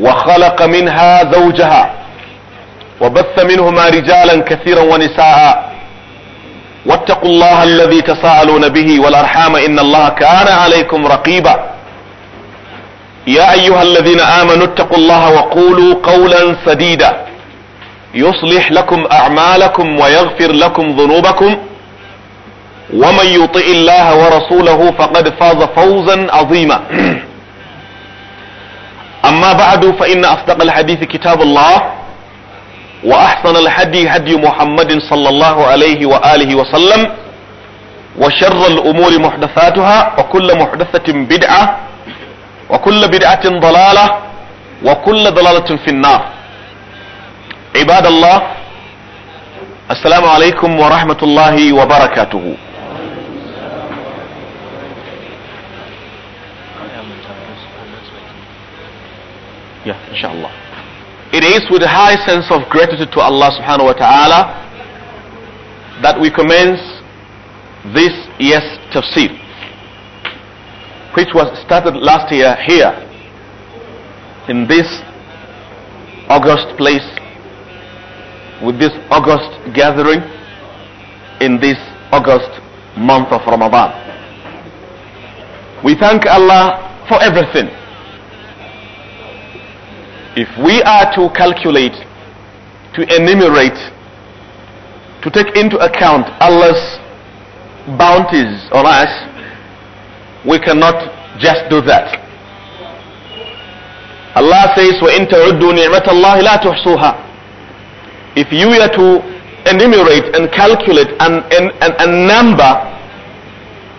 وخلق منها زوجها وبث منهما رجالا كثيرا ونساء واتقوا الله الذي تساءلون به والارحام ان الله كان عليكم رقيبا يا ايها الذين امنوا اتقوا الله وقولوا قولا سديدا يصلح لكم اعمالكم ويغفر لكم ذنوبكم ومن يطئ الله ورسوله فقد فاز فوزا عظيما أما بعد فإن أصدق الحديث كتاب الله وأحسن الهدي هدي محمد صلى الله عليه وآله وسلم وشر الأمور محدثاتها وكل محدثة بدعة وكل بدعة ضلالة وكل ضلالة في النار عباد الله السلام عليكم ورحمة الله وبركاته Yeah, inshallah. It is with a high sense of gratitude to Allah subhanahu wa ta'ala that we commence this year's tafsir, which was started last year here in this August place with this August gathering in this August month of Ramadan. We thank Allah for everything if we are to calculate, to enumerate, to take into account Allah's bounties on us, we cannot just do that. Allah says, وَإِن تَعُدُّوا نِعْمَةَ اللَّهِ لَا تُحْصُوهَا If you were to enumerate and calculate and, and, and, and number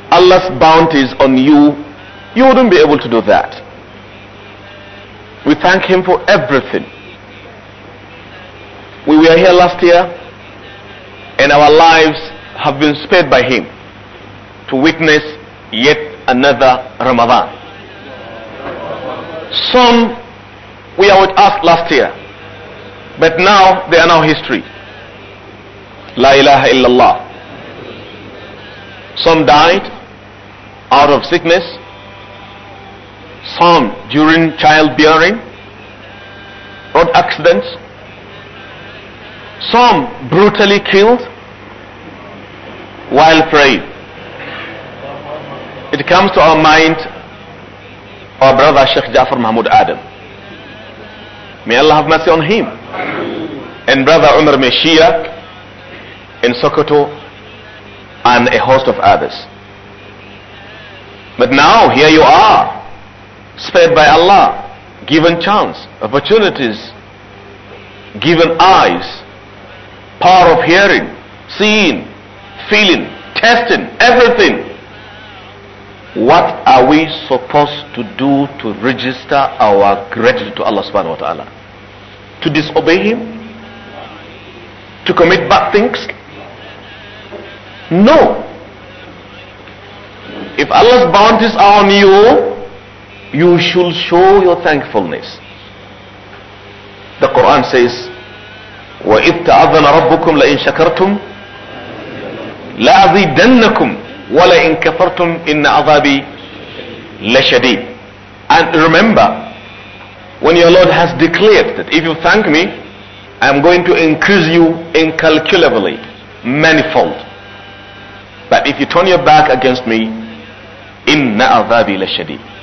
Allah's bounties on you, you wouldn't be able to do that. We thank Him for everything. We were here last year and our lives have been spared by Him to witness yet another Ramadan. Some we are with us last year, but now they are now history. La ilaha illallah. Some died out of sickness some during childbearing, road accidents, some brutally killed while praying. It comes to our mind our brother Sheikh Jafar Mahmoud Adam. May Allah have mercy on him. And brother Umar Meshia in Sokoto and a host of others. But now here you are spared by Allah, given chance, opportunities, given eyes, power of hearing, seeing, feeling, testing, everything. What are we supposed to do to register our gratitude to Allah subhanahu wa ta'ala? To disobey Him? To commit bad things? No. If Allah's bounties are on you, you should show your thankfulness. The Quran says, وَإِذْ تَعَذَّنَ رَبُّكُمْ لَإِنْ شَكَرْتُمْ لَأَزِيدَنَّكُمْ وَلَإِنْ كَفَرْتُمْ إِنَّ عَذَابِي لَشَدِيدٌ And remember, when your Lord has declared that if you thank me, I am going to increase you incalculably, manifold. But if you turn your back against me, إِنَّ عَذَابِي لَشَدِيدٌ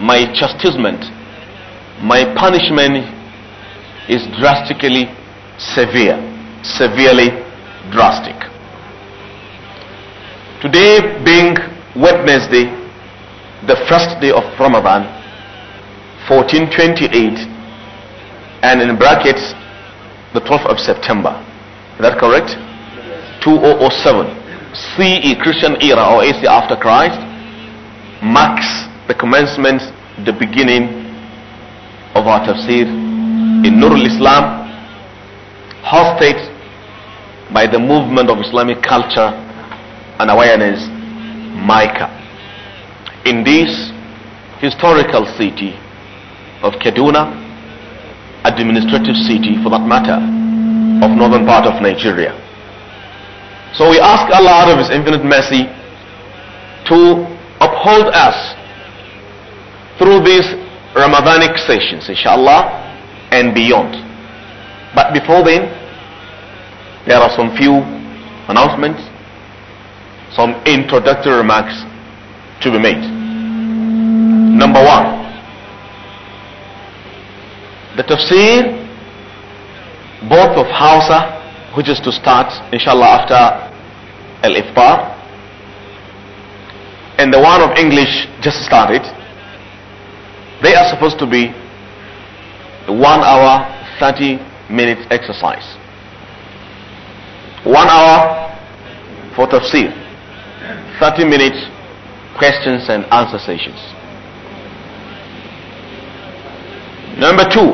my chastisement, my punishment is drastically severe, severely drastic. Today being Wednesday, the first day of Ramadan, 1428, and in brackets, the 12th of September. Is that correct? 2007. CE, Christian era or AC after Christ, marks the commencement, the beginning of our tafsir in Nurul Islam, hosted by the movement of Islamic culture and awareness, Micah. In this historical city of Kaduna, administrative city for that matter, of northern part of Nigeria. So we ask Allah out of His infinite mercy to uphold us through these Ramadanic sessions, inshallah, and beyond. But before then, there are some few announcements, some introductory remarks to be made. Number one, the tafsir, both of Hausa, which is to start, inshallah, after Al-Iftar, and the one of English just started they are supposed to be one hour, 30 minutes exercise. One hour for tafsir. 30 minutes questions and answer sessions. Number two,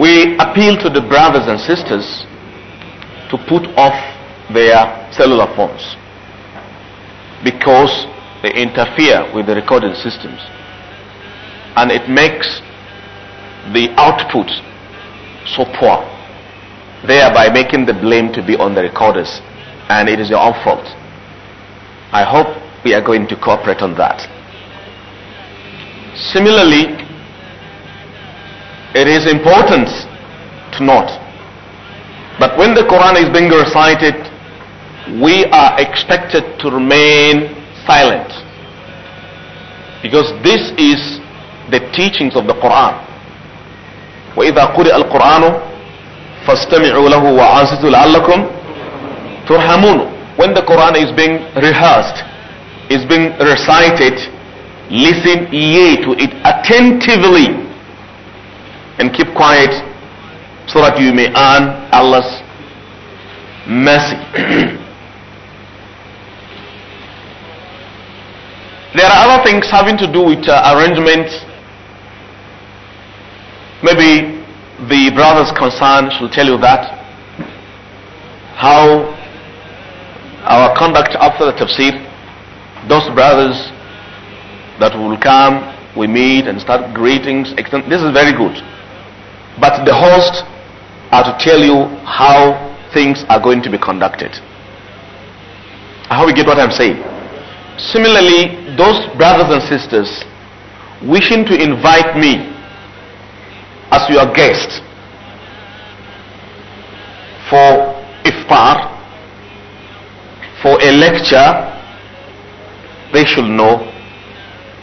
we appeal to the brothers and sisters to put off their cellular phones because they interfere with the recording systems and it makes the output so poor, thereby making the blame to be on the recorders, and it is your own fault. I hope we are going to cooperate on that. Similarly, it is important to note that when the Quran is being recited, we are expected to remain silent because this is the teachings of the Quran. وإذا قرئ القرآن فاستمعوا له وعاصتوا لعلكم ترحمون. When the Quran is being rehearsed, is being recited, listen ye to it attentively and keep quiet so that you may earn Allah's mercy. There are other things having to do with uh, arrangements Maybe the brothers concerned should tell you that how our conduct after the tafsir, those brothers that will come, we meet and start greetings. This is very good. But the host are to tell you how things are going to be conducted. I hope you get what I'm saying. Similarly, those brothers and sisters wishing to invite me as your guest for iftar, for a lecture, they should know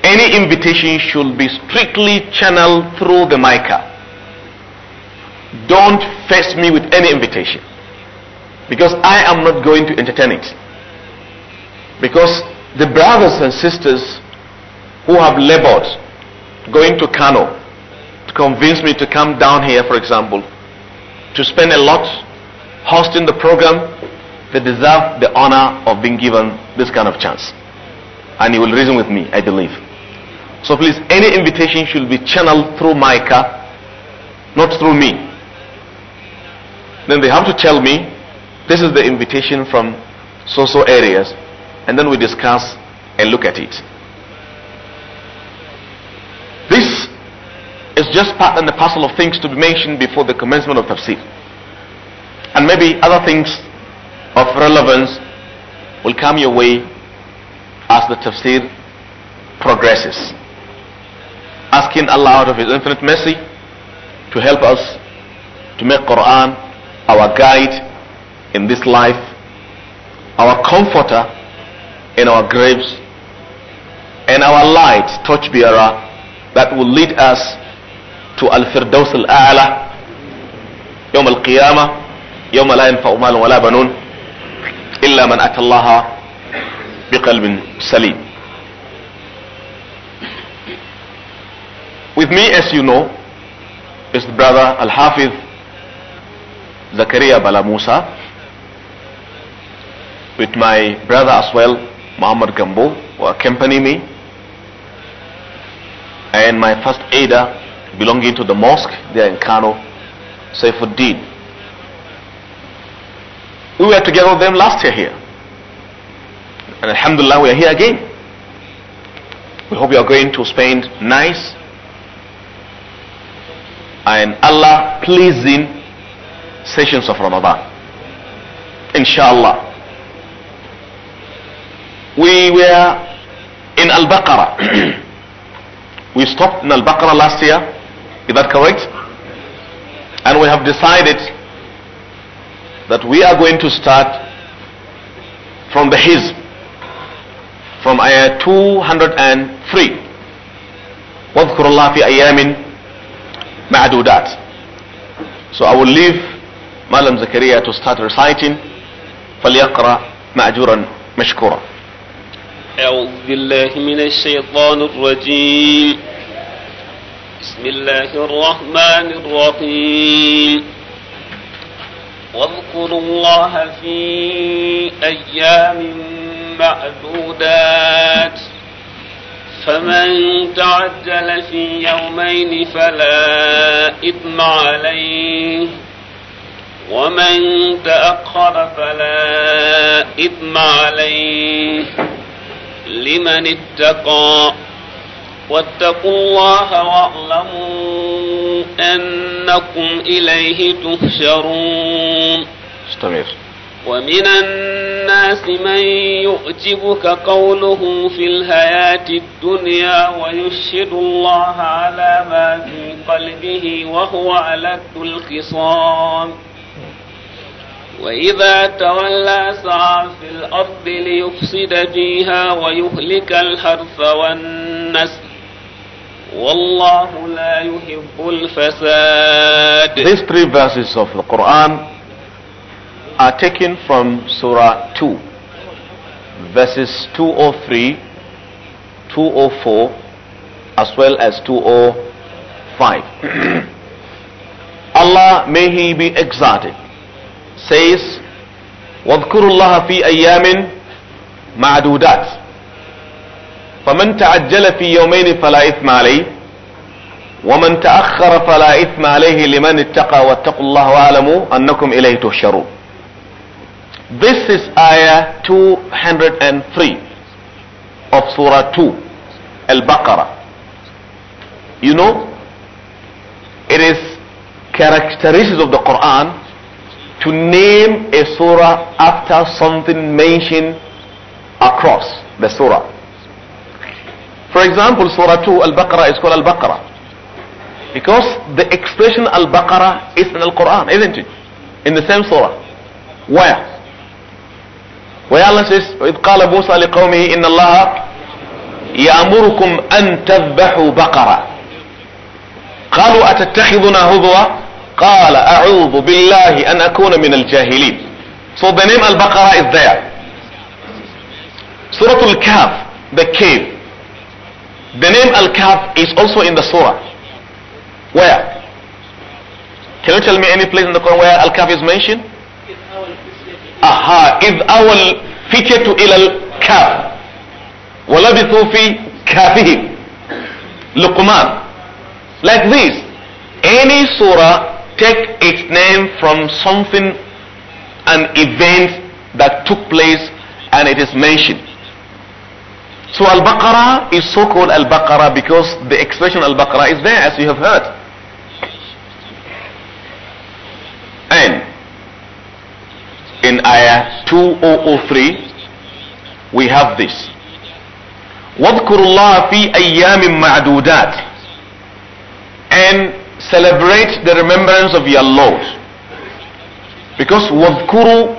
any invitation should be strictly channeled through the mica. Don't face me with any invitation because I am not going to entertain it. Because the brothers and sisters who have labored going to Kano convinced me to come down here, for example, to spend a lot hosting the program, they deserve the honor of being given this kind of chance. And you will reason with me, I believe. So please, any invitation should be channeled through Micah, not through me. Then they have to tell me, this is the invitation from so-so areas. And then we discuss and look at it. It's just part and the parcel of things to be mentioned before the commencement of tafsir. And maybe other things of relevance will come your way as the tafsir progresses. Asking Allah out of His infinite mercy to help us to make Quran our guide in this life, our comforter in our graves, and our light, torchbearer, that will lead us to al-firdaus al-a'la yawm al-qiyama yawm la yanfa'u malun wala banun illa man ata Allah biqalbin salim with me as you know is the brother al-hafiz Zakaria Bala Musa with my brother as well Muhammad Gambo who accompany me and my first aider belonging to the mosque there in Kano, Saifuddin. We were together with them last year here. And Alhamdulillah, we are here again. We hope you are going to spend nice and Allah pleasing sessions of Ramadan. Inshallah. We were in Al Baqarah. we stopped in Al Baqarah last year is that correct? And we have decided that we are going to start from the his, from ayah 203. واذكروا الله في أيام معدودات. So I will leave Malam Zakaria to start reciting فليقرأ مأجورا مشكورا. أعوذ بالله من الشيطان الرجيم. بسم الله الرحمن الرحيم واذكروا الله في أيام معدودات فمن تعجل في يومين فلا إثم عليه ومن تأخر فلا إثم عليه لمن اتقى واتقوا الله واعلموا أنكم إليه تحشرون استمر ومن الناس من يعجبك قوله في الحياة الدنيا ويشهد الله على ما في قلبه وهو ألد الخصام وإذا تولى سعى في الأرض ليفسد فيها ويهلك الحرث والنسل These three verses of the Quran are taken from Surah 2, verses 203, 204, as well as 205. Allah, may He be exalted, says, وَاذْكُرُوا اللَّهَ فِي أَيَّامٍ مَعْدُودَاتٍ فمن تعجل في يومين فلا إثم عليه ومن تأخر فلا إثم عليه لمن اتقى واتقوا الله واعلموا أنكم إليه تحشرون This is ayah 203 of Surah 2, Al-Baqarah. You know, it is characteristics of the Quran to name a surah after something mentioned across the surah. For example, Surah 2, Al-Baqarah is called Al-Baqarah. Because the expression Al-Baqarah is in Al-Quran, isn't it? In the same Surah. Where? Where Allah says, وَإِذْ قَالَ مُوسَى لِقَوْمِهِ إِنَّ اللَّهَ يأمركم أن تذبحوا بقرة قالوا أتتخذنا هضوا قال أعوذ بالله أن أكون من الجاهلين So the name Al-Baqarah is there Surah Al-Kahf, the cave The name al kaf is also in the surah. Where? Can you tell me any place in the Quran where al kaf is mentioned? Aha, إذ أول فتية Al Kaf, ولبثوا في كافهم لقمان like this any surah take its name from something an event that took place and it is mentioned so Al-Baqarah is so called Al-Baqarah because the expression Al-Baqarah is there as you have heard. And in Ayah 2003 we have this. وَاذْكُرُ اللَّهَ فِي أَيَّامٍ مَعْدُودَاتٍ And celebrate the remembrance of your Lord. Because وَاذْكُرُ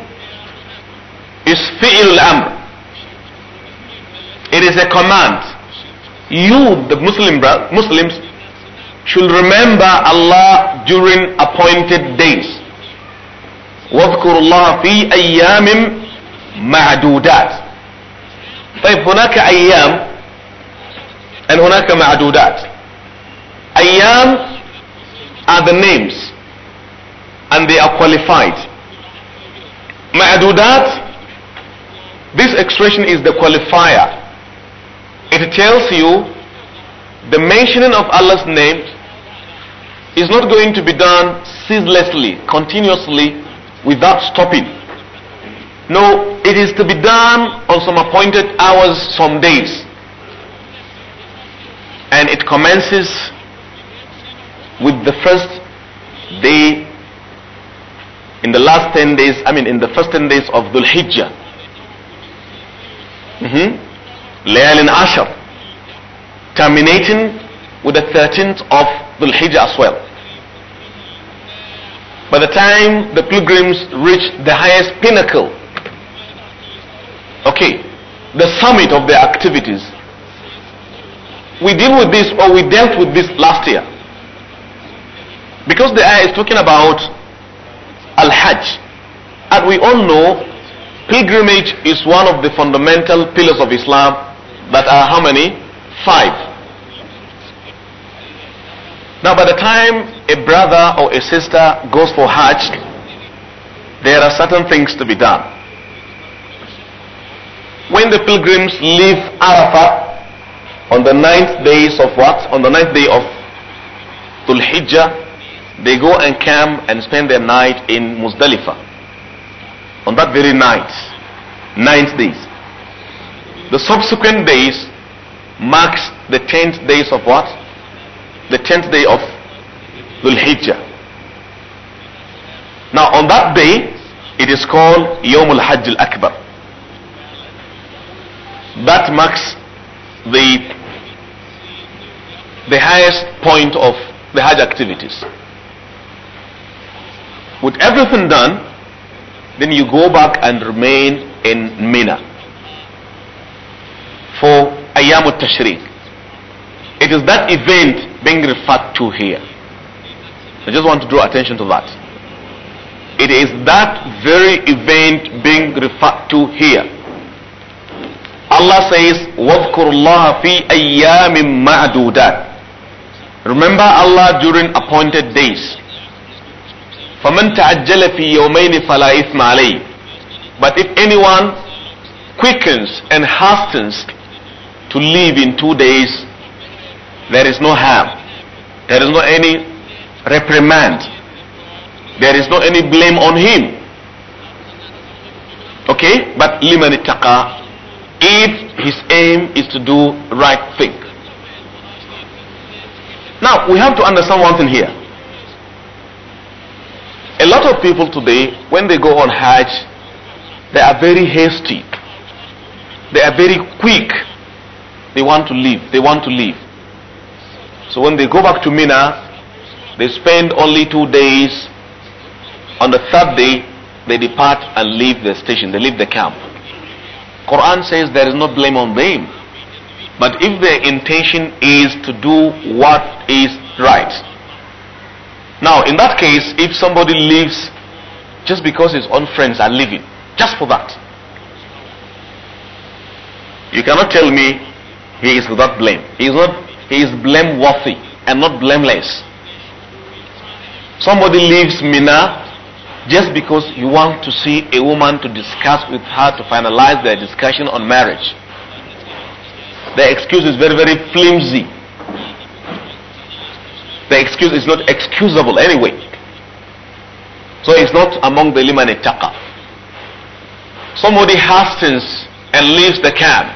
is al-amr. It is a command. You, the Muslim Muslims, should remember Allah during appointed days. واذكروا الله في أيام معدودات. طيب هناك أيام and هناك معدودات. أيام are the names and they are qualified. Ma'adudat, this expression is the qualifier it tells you the mentioning of Allah's name is not going to be done ceaselessly, continuously, without stopping. No, it is to be done on some appointed hours, some days. And it commences with the first day in the last 10 days, I mean, in the first 10 days of Dhul Hijjah. Mm -hmm. Layal Ashar, terminating with the 13th of Dhul Hijjah as well. By the time the pilgrims reached the highest pinnacle, okay, the summit of their activities, we deal with this or we dealt with this last year. Because the ayah is talking about Al-Hajj. And we all know pilgrimage is one of the fundamental pillars of Islam that are how many? Five. Now, by the time a brother or a sister goes for Hajj, there are certain things to be done. When the pilgrims leave Arafat on the ninth days of what? On the ninth day of Dhul Hijjah, they go and camp and spend their night in Muzdalifah. On that very night, ninth days. The subsequent days marks the 10th days of what? The 10th day of Dhul Hijjah. Now on that day, it is called Yomul al-Hajj al-Akbar. That marks the, the highest point of the Hajj activities. With everything done, then you go back and remain in Mina for ayam Tashriq. It is that event being referred to here. I just want to draw attention to that. It is that very event being referred to here. Allah says, وَاذْكُرُ اللَّهَ فِي أَيَّامٍ مَعْدُودَاتٍ Remember Allah during appointed days. فَمَنْ تَعَجَّلَ فِي يَوْمَيْنِ فَلَا إِثْمَ عَلَيْهِ But if anyone quickens and hastens to live in two days, there is no harm. There is no any reprimand. There is no any blame on him. Okay? But liman ittaqa, if his aim is to do right thing. Now, we have to understand one thing here. A lot of people today, when they go on Hajj, they are very hasty. They are very quick they want to leave. They want to leave. So when they go back to Mina, they spend only two days. On the third day, they depart and leave the station. They leave the camp. Quran says there is no blame on them. But if their intention is to do what is right. Now, in that case, if somebody leaves just because his own friends are leaving, just for that, you cannot tell me he is without blame. He is not, he is blameworthy and not blameless. Somebody leaves Mina just because you want to see a woman to discuss with her to finalize their discussion on marriage. The excuse is very, very flimsy. The excuse is not excusable anyway. So it's not among the liman Somebody hastens and leaves the camp,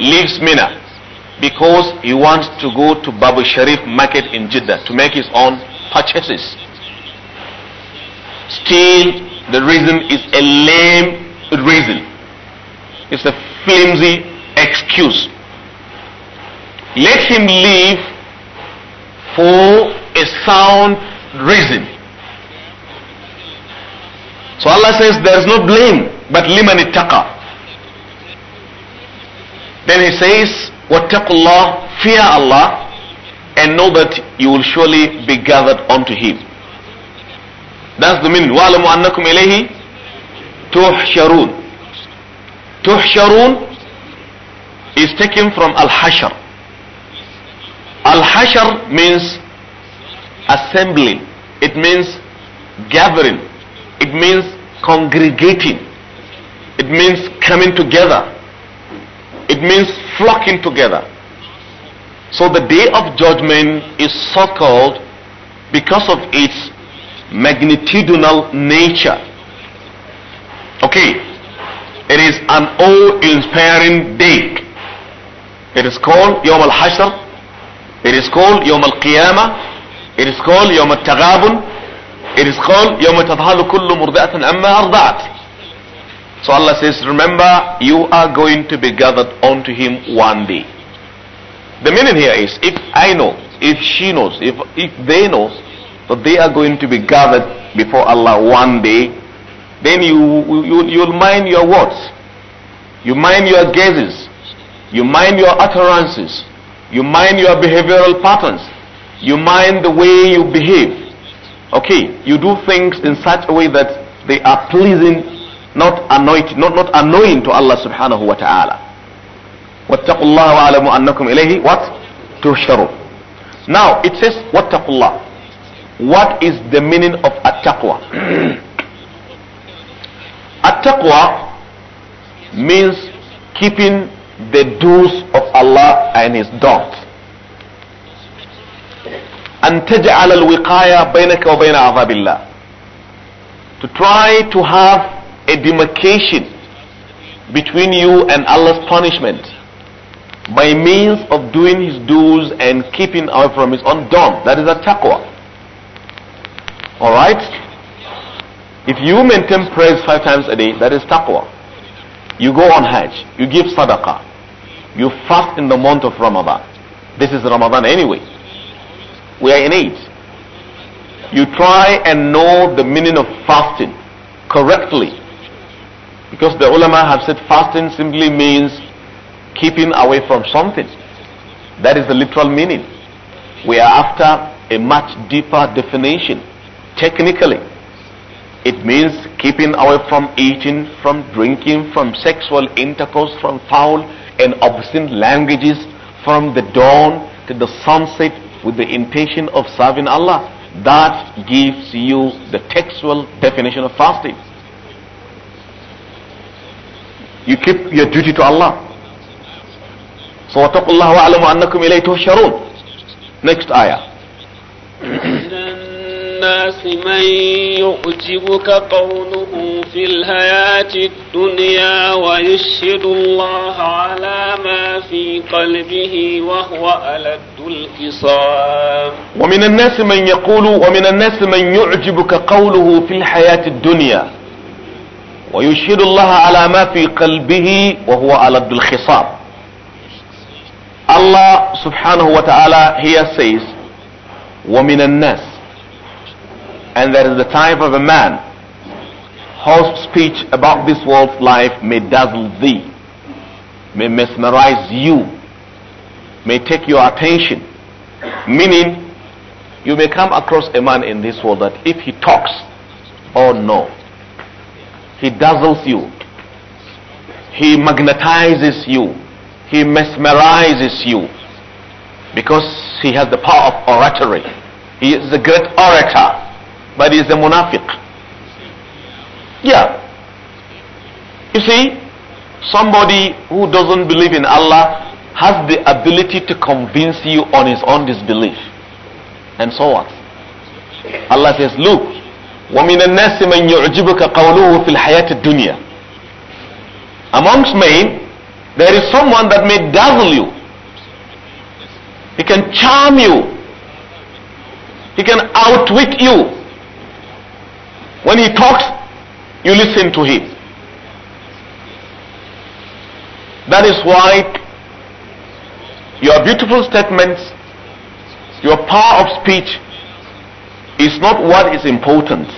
leaves Mina, because he wants to go to Babu Sharif market in Jeddah to make his own purchases. Still, the reason is a lame reason. It's a flimsy excuse. Let him leave for a sound reason. So Allah says there is no blame but liman ittaqa. Then he says Allah, fear Allah, and know that you will surely be gathered unto Him. That's the meaning. وَعْلَمُوا أَنَّكُمْ إِلَيْهِ تُحْشَرُونَ تُحْشَرُونَ is taken from Al-Hashar. Al-Hashar means assembling. It means gathering. It means congregating. It means coming together. It means flocking together. So the day of judgment is so called because of its magnitudinal nature. Okay, it is an awe-inspiring day. It is called Yom al-Hashr. It is called Yom al-Qiyamah. It is called Yom al-Taghabun. It is called Yom تظهر كل مرضعة Amma أرضعت so Allah says, remember, you are going to be gathered unto him one day. The meaning here is, if I know, if she knows, if, if they know that they are going to be gathered before Allah one day, then you, you, you'll mind your words. You mind your gazes. You mind your utterances. You mind your behavioral patterns. You mind the way you behave. Okay, you do things in such a way that they are pleasing not annoyed, not, not annoying to Allah subhanahu wa ta'ala. وَاتَّقُوا اللَّهَ وَعَلَمُوا أَنَّكُمْ إِلَيْهِ What? تُحْشَرُوا Now it says وَاتَّقُوا اللَّهِ What is the meaning of attaqwa? attaqwa means keeping the dues of Allah and His don't. أن تجعل الوقاية بينك وبين عذاب الله. To try to have a demarcation between you and Allah's punishment by means of doing his dues and keeping away from his undone. That is a taqwa. Alright? If you maintain prayers five times a day, that is taqwa. You go on Hajj, you give sadaqah, you fast in the month of Ramadan. This is Ramadan anyway. We are in it. You try and know the meaning of fasting correctly because the ulama have said fasting simply means keeping away from something. That is the literal meaning. We are after a much deeper definition. Technically, it means keeping away from eating, from drinking, from sexual intercourse, from foul and obscene languages, from the dawn to the sunset with the intention of serving Allah. That gives you the textual definition of fasting. You keep your duty to Allah. So وَاتَقُوا اللَّهَ وَاعْلَمُوا أَنَّكُمْ إِلَيْهِ تهشرون. Next ayah. الناس من يعجبك قوله في الحياة الدنيا ويشهد الله على ما في قلبه وهو ألد الخصام ومن الناس من يقول ومن الناس من يعجبك قوله في الحياة الدنيا ويشهد الله على ما في قلبه وهو ألد الخصاب Allah subhanahu wa ta'ala here says, وَمِنَ النَّاسِ And there is the type of a man whose speech about this world's life may dazzle thee, may mesmerize you, may take your attention. Meaning, you may come across a man in this world that if he talks, oh no, he dazzles you. He magnetizes you. He mesmerizes you. Because he has the power of oratory. He is a great orator. But he is a munafiq. Yeah. You see, somebody who doesn't believe in Allah has the ability to convince you on his own disbelief. And so on. Allah says, look, وَمِنَ النَّاسِ مَنْ يُعْجِبُكَ قَوْلُهُ فِي الْحَيَاةِ الدُّنْيَا Amongst men, there is someone that may dazzle you. He can charm you. He can outwit you. When he talks, you listen to him. That is why your beautiful statements, your power of speech is not what is important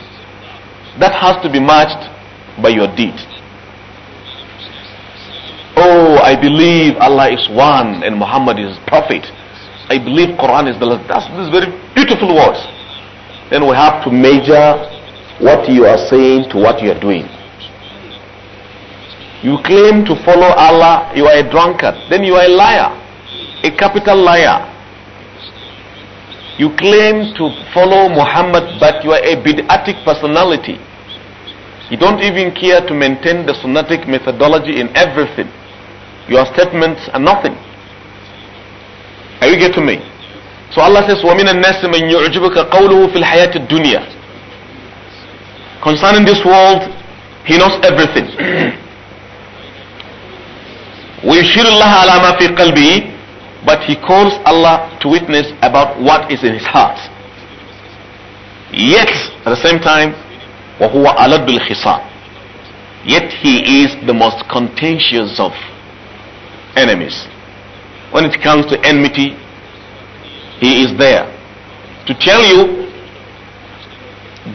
that has to be matched by your deed. Oh, I believe Allah is one and Muhammad is prophet. I believe Quran is the last. That's these very beautiful words. Then we have to measure what you are saying to what you are doing. You claim to follow Allah, you are a drunkard, then you are a liar, a capital liar. You claim to follow Muhammad, but you are a bid'atic personality. You don't even care to maintain the sunnatic methodology in everything. Your statements are nothing. Are you getting me? So Allah says, وَمِنَ النَّاسِ مَنْ يُعْجِبُكَ قَوْلُهُ فِي الْحَيَاةِ الدُّنْيَا Concerning this world, he knows everything. وَيُشِيرُ اللَّهَ عَلَى مَا فِي قَلْبِهِ but he calls Allah to witness about what is in his heart. Yet, at the same time, وَهُوَ أَلَدُّ الْخِصَامِ Yet he is the most contentious of enemies. When it comes to enmity, he is there to tell you,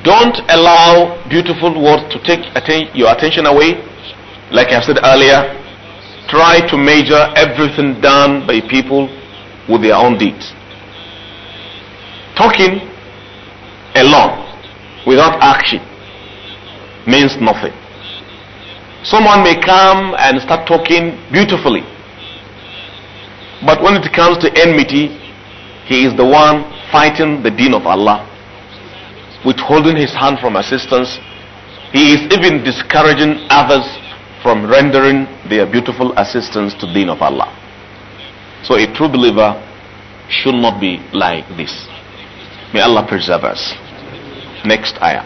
don't allow beautiful words to take your attention away. Like i said earlier, try to measure everything done by people with their own deeds. Talking alone without action means nothing. Someone may come and start talking beautifully, but when it comes to enmity, he is the one fighting the deen of Allah, withholding his hand from assistance. He is even discouraging others from rendering they are beautiful assistants to the deen of Allah. So a true believer should not be like this. May Allah preserve us. Next ayah.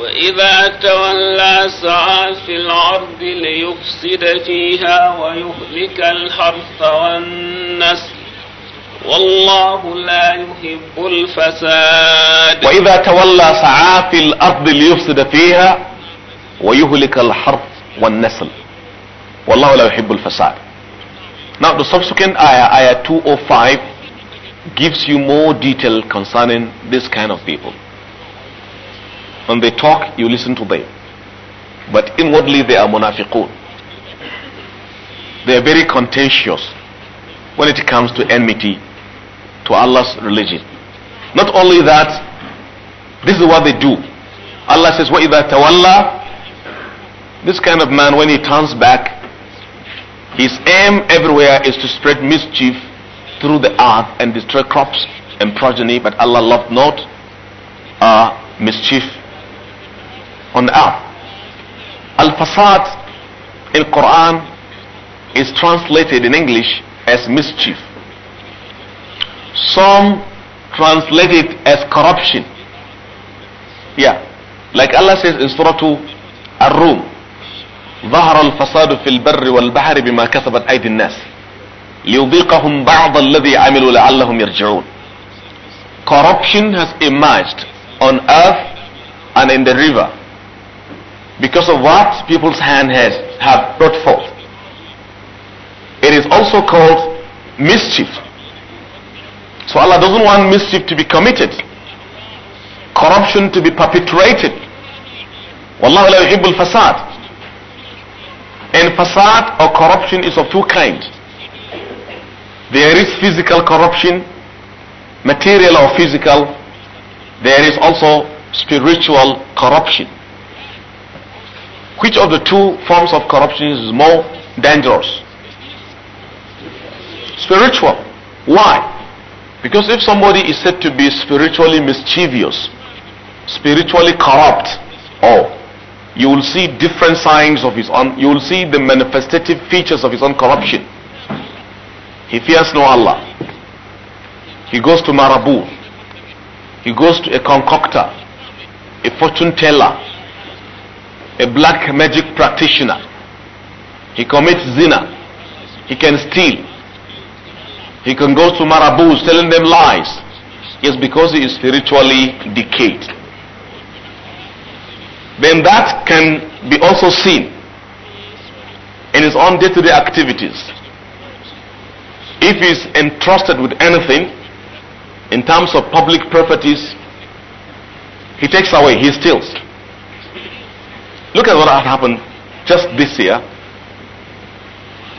وإذا تولى سعى في الأرض ليفسد فيها ويهلك الحرث والنسل والله لا يحب الفساد وإذا تولى سعى في الأرض ليفسد فيها ويهلك الحرث والنسل Wallahu la yuhibbul fasad. Now the subsequent ayah, ayah 205, gives you more detail concerning this kind of people. When they talk, you listen to them. But inwardly they are munafiqun. They are very contentious when it comes to enmity to Allah's religion. Not only that, this is what they do. Allah says, that, تَوَلَّى This kind of man, when he turns back, his aim everywhere is to spread mischief through the earth and destroy crops and progeny, but Allah loved not uh, mischief on the earth. Al-Fasad in Quran is translated in English as mischief. Some translate it as corruption. Yeah. Like Allah says in Surah 2, Ar-Rum, ظهر الفساد في البر والبحر بما كسبت أيدي الناس ليذيقهم بعض الذي عملوا لعلهم يرجعون Corruption has emerged on earth and in the river because of what people's hand has have brought forth. It is also called mischief. So Allah doesn't want mischief to be committed, corruption to be perpetrated. Wallahu la yuhibbul fasad. And facade or corruption is of two kinds. There is physical corruption, material or physical. There is also spiritual corruption. Which of the two forms of corruption is more dangerous? Spiritual. Why? Because if somebody is said to be spiritually mischievous, spiritually corrupt, or you will see different signs of his own, you will see the manifestative features of his own corruption. He fears no Allah. He goes to Marabu. He goes to a concoctor, a fortune teller, a black magic practitioner. He commits zina. He can steal. He can go to Marabus telling them lies. Yes, because he is spiritually decayed then that can be also seen in his own day-to-day activities. If he's entrusted with anything in terms of public properties, he takes away, he steals. Look at what had happened just this year.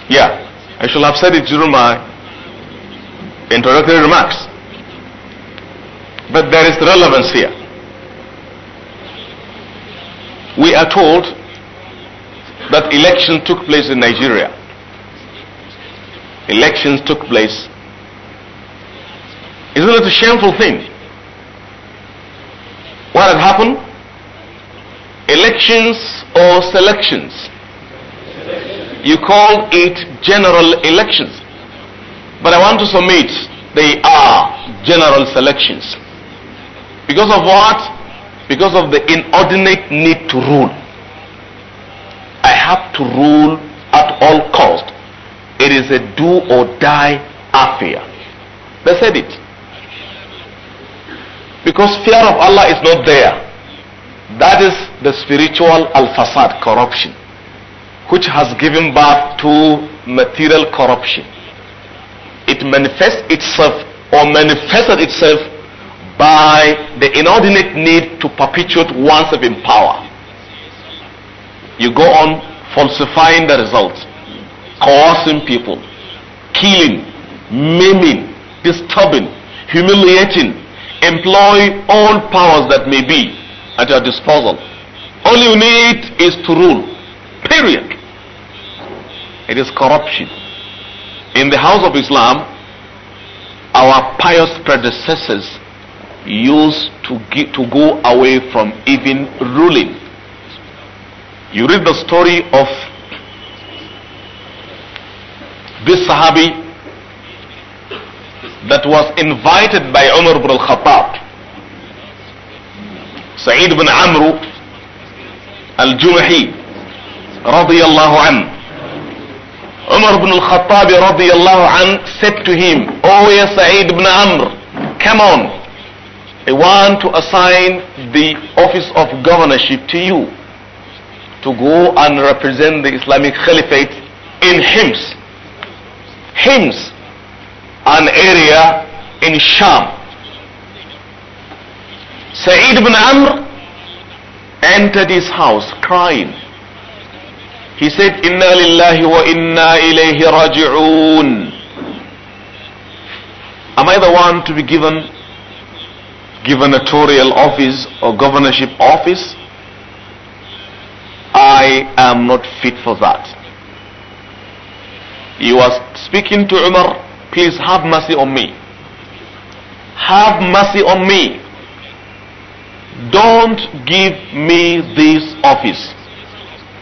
Yeah, I should have said it during my introductory remarks. But there is relevance here. We are told that election took place in Nigeria. Elections took place. Isn't it a shameful thing? What had happened? Elections or selections? You call it general elections. But I want to submit they are general selections. Because of what? because of the inordinate need to rule. I have to rule at all cost. It is a do or die affair. They said it. Because fear of Allah is not there. That is the spiritual al-fasad, corruption, which has given birth to material corruption. It manifests itself or manifested itself by the inordinate need to perpetuate oneself in power. You go on falsifying the results, coercing people, killing, maiming, disturbing, humiliating, employ all powers that may be at your disposal. All you need is to rule. Period. It is corruption. In the house of Islam, our pious predecessors used to, get, to go away from even ruling. You read the story of this Sahabi that was invited by Umar ibn al-Khattab. Sa'id ibn Amr al-Jumahi radiyallahu anhu. Umar ibn al-Khattab radiyallahu anhu said to him, O oh, yes, Sa'id ibn Amr, come on, I want to assign the office of governorship to you to go and represent the Islamic Caliphate in Hims. Hims, an area in Sham. Sa'id ibn Amr entered his house crying. He said, Inna lillahi wa inna ilayhi raji'un. Am I the one to be given gubernatorial office or governorship office, I am not fit for that. You are speaking to Umar, please have mercy on me. Have mercy on me. Don't give me this office.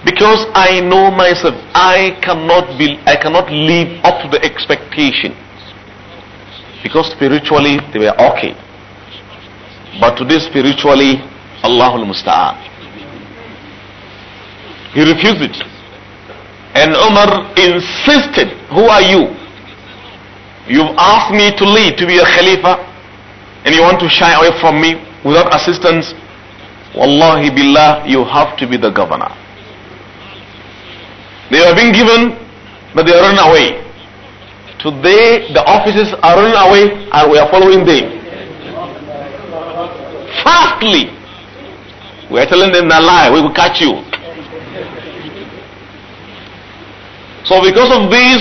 Because I know myself, I cannot be, I cannot live up to the expectation. Because spiritually they were okay. But today spiritually, Allahul Musta'an. He refused it. And Umar insisted, who are you? You've asked me to lead, to be a Khalifa, and you want to shy away from me without assistance. Wallahi billah, you have to be the governor. They have been given, but they run away. Today, the offices are running away and we are following them fastly. We're telling them a lie, we will catch you. So because of this,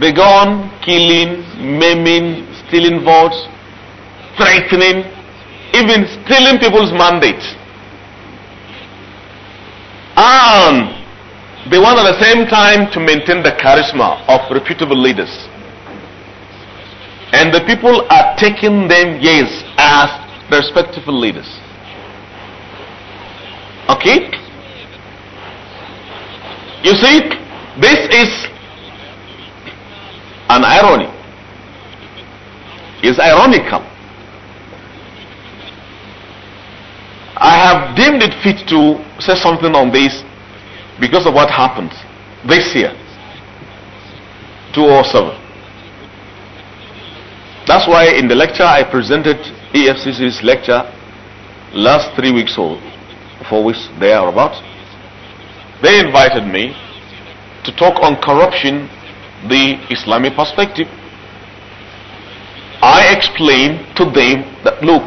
they gone killing, maiming, stealing votes, threatening, even stealing people's mandates. And they want at the same time to maintain the charisma of reputable leaders. And the people are taking them, yes, as respectful leaders. Okay? You see, this is an irony. It's ironical. I have deemed it fit to say something on this because of what happened this year, 2007. That's why in the lecture I presented EFCC's lecture last three weeks old, four weeks they are about, they invited me to talk on corruption, the Islamic perspective. I explained to them that look,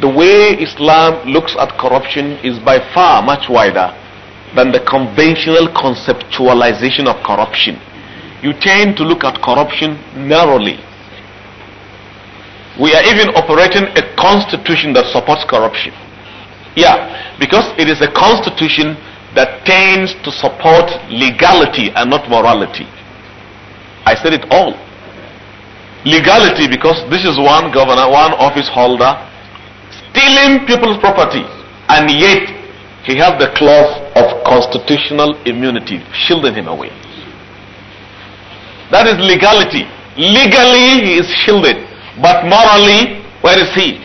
the way Islam looks at corruption is by far much wider than the conventional conceptualization of corruption. You tend to look at corruption narrowly we are even operating a constitution that supports corruption. Yeah, because it is a constitution that tends to support legality and not morality. I said it all. Legality because this is one governor, one office holder stealing people's property and yet he has the clause of constitutional immunity shielding him away. That is legality. Legally he is shielded. But morally, where is he?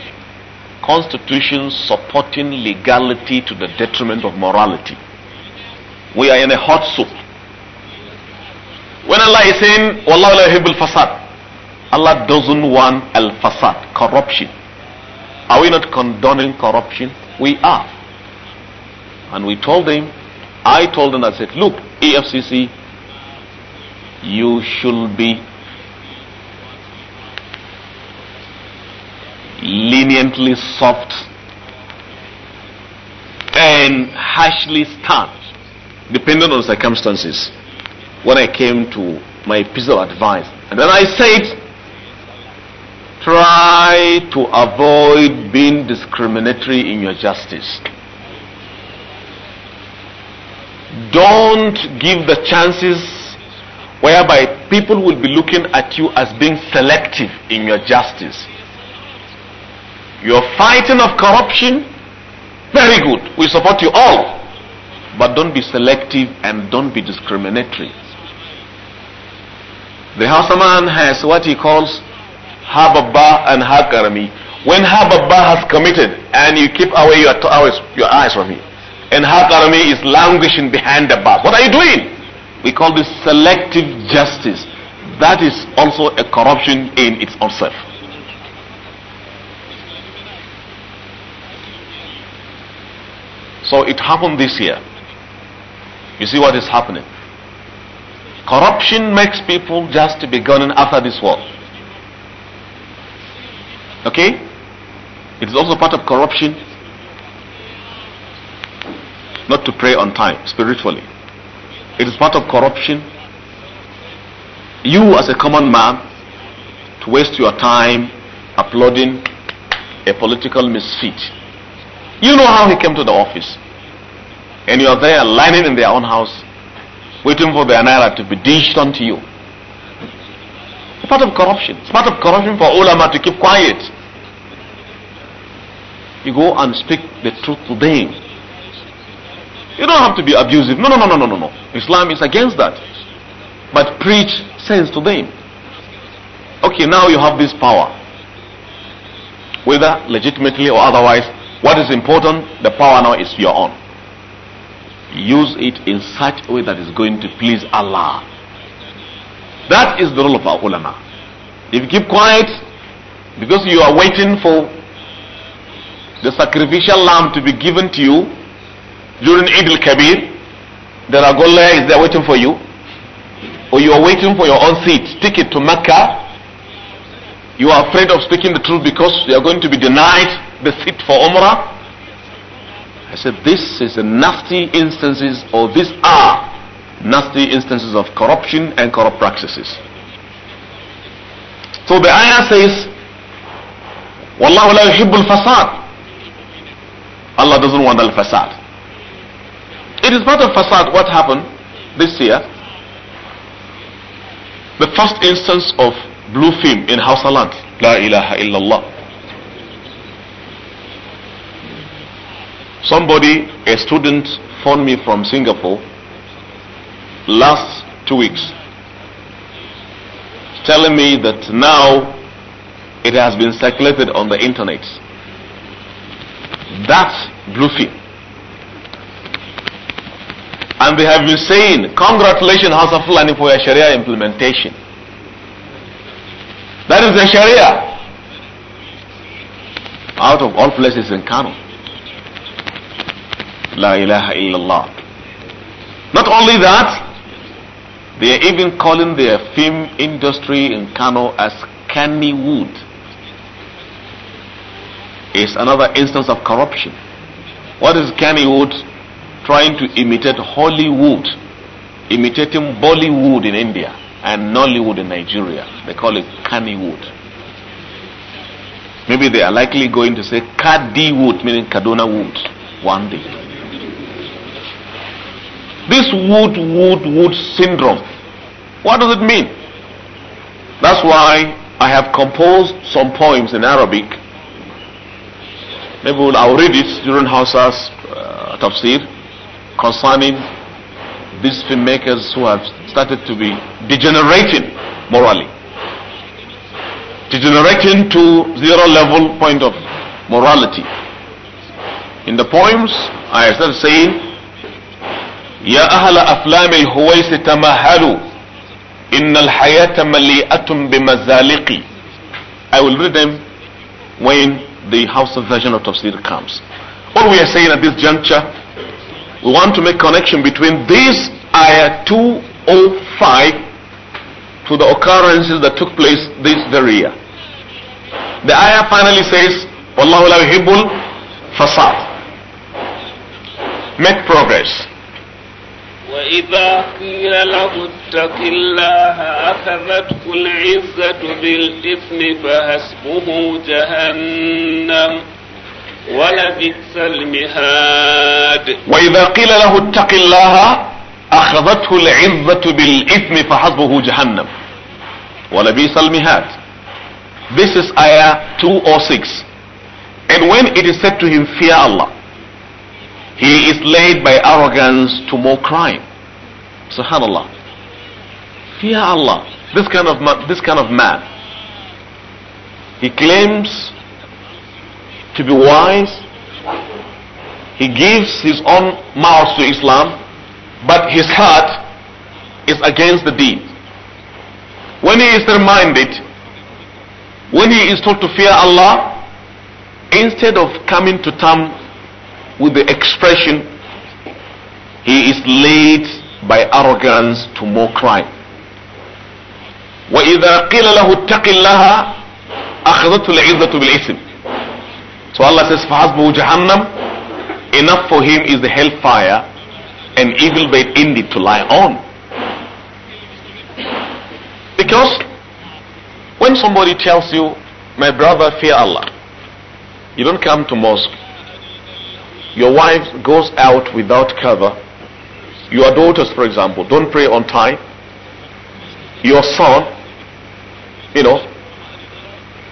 Constitution supporting legality to the detriment of morality. We are in a hot soup. When Allah is saying, Wallahu la yuhibbul fasad. Allah doesn't want al-fasad, corruption. Are we not condoning corruption? We are. And we told him. I told them, I said, look, EFCC, you should be leniently soft, and harshly stern, depending on circumstances. When I came to my piece of advice, and then I said, try to avoid being discriminatory in your justice. Don't give the chances whereby people will be looking at you as being selective in your justice. You're fighting of corruption. Very good. We support you all. But don't be selective and don't be discriminatory. The Hausa man has what he calls Hababa and Hakarami. When Hababa has committed and you keep away your, your eyes from him, and Hakarami is languishing behind the bar, what are you doing? We call this selective justice. That is also a corruption in its own self. So it happened this year. You see what is happening. Corruption makes people just be gone after this world. Okay? It is also part of corruption not to pray on time spiritually. It is part of corruption. You, as a common man, to waste your time applauding a political misfit. You know how he came to the office and you are there lining in their own house, waiting for the naira to be dished onto you. It's part of corruption. It's part of corruption for ulama to keep quiet. You go and speak the truth to them. You don't have to be abusive. No, no, no, no, no, no, no. Islam is against that. But preach sense to them. Okay, now you have this power. Whether legitimately or otherwise, what is important, the power now is your own use it in such a way that is going to please Allah. That is the role of our ulama. If you keep quiet because you are waiting for the sacrificial lamb to be given to you during Eid al-Kabir, the Ragolla is there waiting for you, or you are waiting for your own seat, ticket to Mecca, you are afraid of speaking the truth because you are going to be denied the seat for Umrah, I said, this is the nasty instances, or these are nasty instances of corruption and corrupt practices. So the ayah says, Wallahu la yuhibbul fasad. Allah doesn't want al-fasad. It is part of fasad what happened this year. The first instance of blue film in Hausa land. La ilaha illallah. Somebody, a student, phoned me from Singapore last two weeks telling me that now it has been circulated on the internet. That's bluffing. And they have been saying, congratulations House of Fulani for your Sharia implementation. That is the Sharia. Out of all places in Kano. La ilaha illallah. Not only that, they are even calling their film industry in Kano as Cannywood. It's another instance of corruption. What is Cannywood Trying to imitate Hollywood, imitating Bollywood in India and Nollywood in Nigeria. They call it Cannywood. Maybe they are likely going to say Kadi meaning Kaduna Wood, one day. This wood, wood, wood syndrome. What does it mean? That's why I have composed some poems in Arabic. Maybe will I'll read it during Hausa's uh, tafsir concerning these filmmakers who have started to be degenerating morally. Degenerating to zero level point of morality. In the poems, I started saying يا أهل أفلام الهويس تمهلوا إن الحياة مليئة بمزالق I will read them when the of version of Tafsir comes. What we are saying at this juncture, we want to make connection between this ayah 205 to the occurrences that took place this very year. The ayah finally says, Wallahu la yuhibbul fasad. Make progress. وإذا قيل له اتق الله أخذته العزة بالإثم فحسبه جهنم ولبئس المهاد وإذا قيل له اتق الله أخذته العزة بالإثم فحسبه جهنم ولبئس المهاد This is ayah 206 and when it is said to him fear Allah He is led by arrogance to more crime. Subhanallah. Fear Allah. This kind of man, this kind of man. He claims to be wise. He gives his own mouth to Islam, but his heart is against the deed. When he is reminded, when he is told to fear Allah, instead of coming to terms with the expression, he is led by arrogance to more crime. وَإِذَا قِيلَ لَهُ اتَّقِ اللَّهَ أَخَذَتُ الْعِزَّةُ بِالْإِثْمِ So Allah says, فَحَسْبُهُ جَهَنَّمْ Enough for him is the hellfire, and evil bed indeed to lie on. Because when somebody tells you, my brother, fear Allah, you don't come to mosque your wife goes out without cover. Your daughters, for example, don't pray on time. Your son, you know,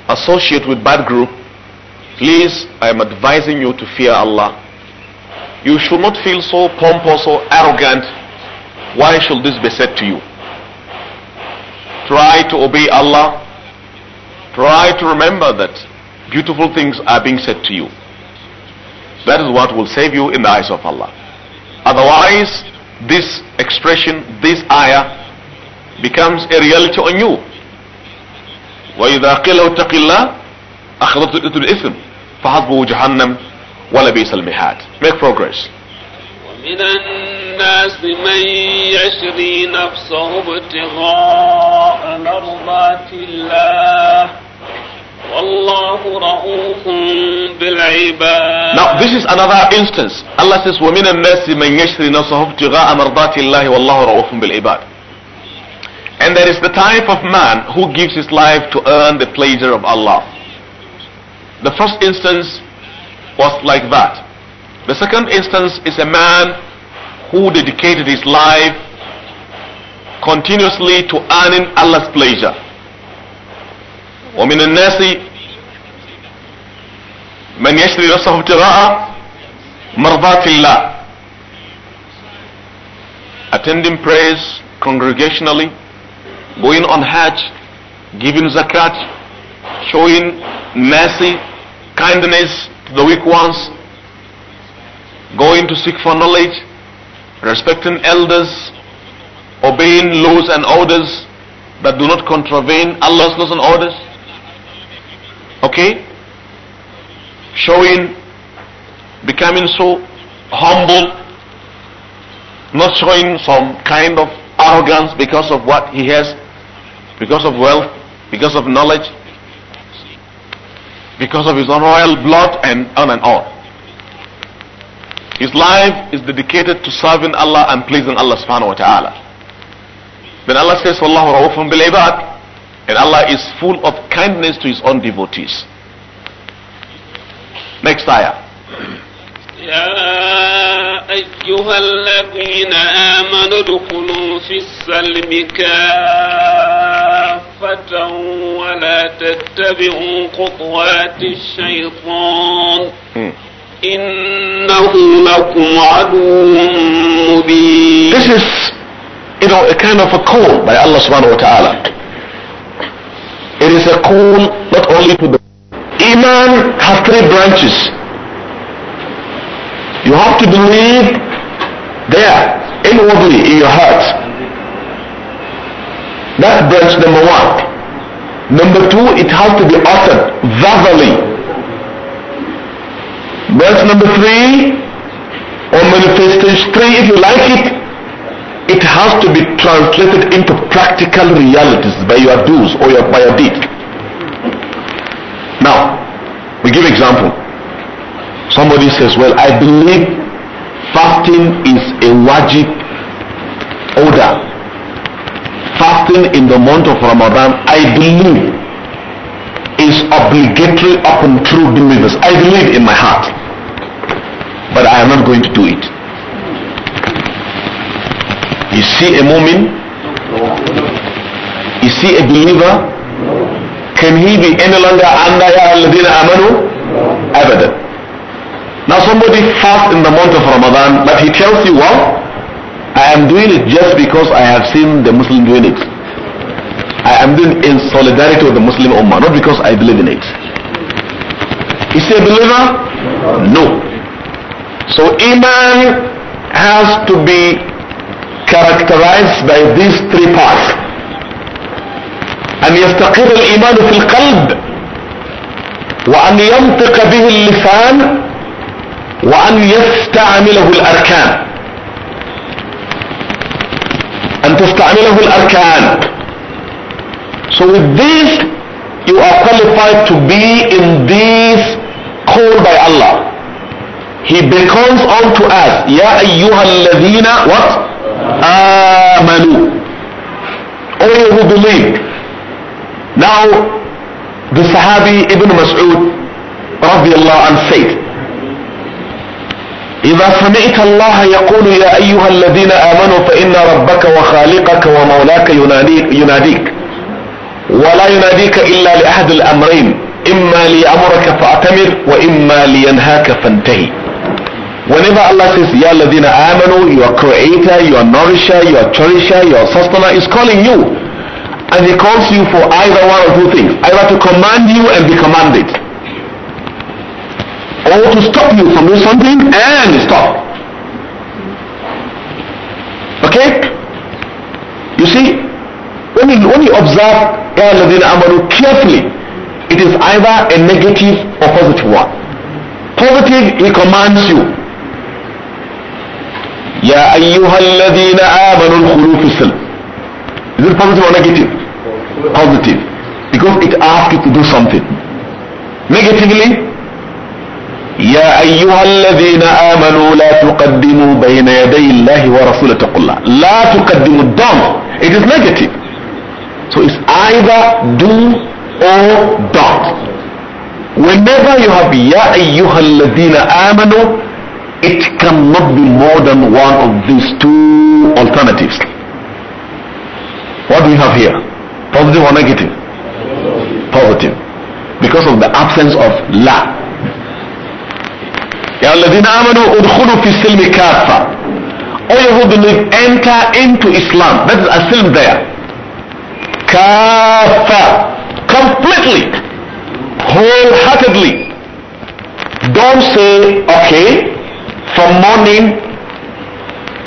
associate with bad group. Please, I am advising you to fear Allah. You should not feel so pompous or arrogant. Why should this be said to you? Try to obey Allah. Try to remember that beautiful things are being said to you. That is what will save you in the eyes of Allah. Otherwise, this expression, this ayah, becomes a reality on you. وَإِذَا قِيلَ اتَّقِ اللَّهِ أَخْذَتُ الْإِثْمِ فَحَسْبُهُ جَهَنَّمُ وَلَبِئْسَ الْمِهَادُ Make progress. ومن الناس من يشري نفسه ابتغاء مرضات الله now this is another instance. Allah says, وَمِنَ النَّاسِ مَنْ يَشْرِ نَفْسَهُ ابْتِغَاءَ مَرْضَاتِ اللَّهِ وَاللَّهُ بِالْعِبَادِ And there is the type of man who gives his life to earn the pleasure of Allah. The first instance was like that. The second instance is a man who dedicated his life continuously to earning Allah's pleasure. ومن الناس من يشري نفسه ابتغاء مرضات الله attending prayers congregationally going on hajj giving zakat showing mercy kindness to the weak ones going to seek for knowledge respecting elders obeying laws and orders that do not contravene Allah's laws and orders okay, showing, becoming so humble, not showing some kind of arrogance because of what he has, because of wealth, because of knowledge, because of his royal blood and on and on. His life is dedicated to serving Allah and pleasing Allah subhanahu wa ta'ala. Then Allah says, وَاللَّهُ رَوْفٌ بِالْعِبَادِ and Allah is full of kindness to his own devotees. Next ayah. يا أيها الذين آمنوا ادخلوا في السلم كافة ولا تتبعوا خطوات الشيطان إنه لكم عدو مبين This is you know, a kind of a call by Allah subhanahu wa ta'ala. It is a call not only to the Iman has three branches. You have to believe there, inwardly, in your heart. That branch number one. Number two, it has to be uttered verbally. Branch number three, or manifestation three if you like it, it has to be translated into practical realities by your do's or your, by your deed. Now, we give example. Somebody says, well, I believe fasting is a wajib order. Fasting in the month of Ramadan, I believe is obligatory upon true believers. I believe in my heart. But I am not going to do it. You see a Mumin? You see a believer? Can he be any longer under Alladina Amanu? Abadan. Now somebody fasts in the month of Ramadan, but he tells you, well, I am doing it just because I have seen the Muslim doing it. I am doing it in solidarity with the Muslim Ummah, not because I believe in it. Is he a believer? No. So Iman has to be characterized by these three parts. أن يستقر الإيمان في القلب وأن ينطق به اللسان وأن يستعمله الأركان أن تستعمله الأركان So with this you are qualified to be in this called by Allah. He beckons unto us, يا أيها الذين what? آمنوا All who believe. Now, the Sahabi Ibn رضي الله عنه said إذا سمعت الله يقول يا أيها الذين آمنوا فإن ربك وخالقك ومولاك يناديك, يناديك ولا يناديك إلا لأحد الأمرين إما ليأمرك فأتمر وإما لينهاك فانتهي Whenever Allah says, Ya ladina amanu, your creator, your nourisher, your cherisher, your sustainer is calling you. And he calls you for either one of two things. Either to command you and be commanded. Or to stop you from doing something and stop. Okay? You see, when you, when you observe Ya ladina amanu carefully, it is either a negative or positive one. Positive, he commands you يا أيها الذين آمنوا الخلوف السلم Is it positive or negative? Positive. Because it asks you to do something. Negatively, يا أيها الذين آمنوا لا تقدموا بين يدي الله ورسوله اتقوا الله. لا تقدموا الدم. It is negative. So it's either do or don't. Whenever you have يا أيها الذين آمنوا it cannot be more than one of these two alternatives. What do we have here? Positive or negative? Positive. Because of the absence of la. يا الذين All you who believe enter into Islam. That is a film there. Kafah. Completely. Wholeheartedly. Don't say, okay, from morning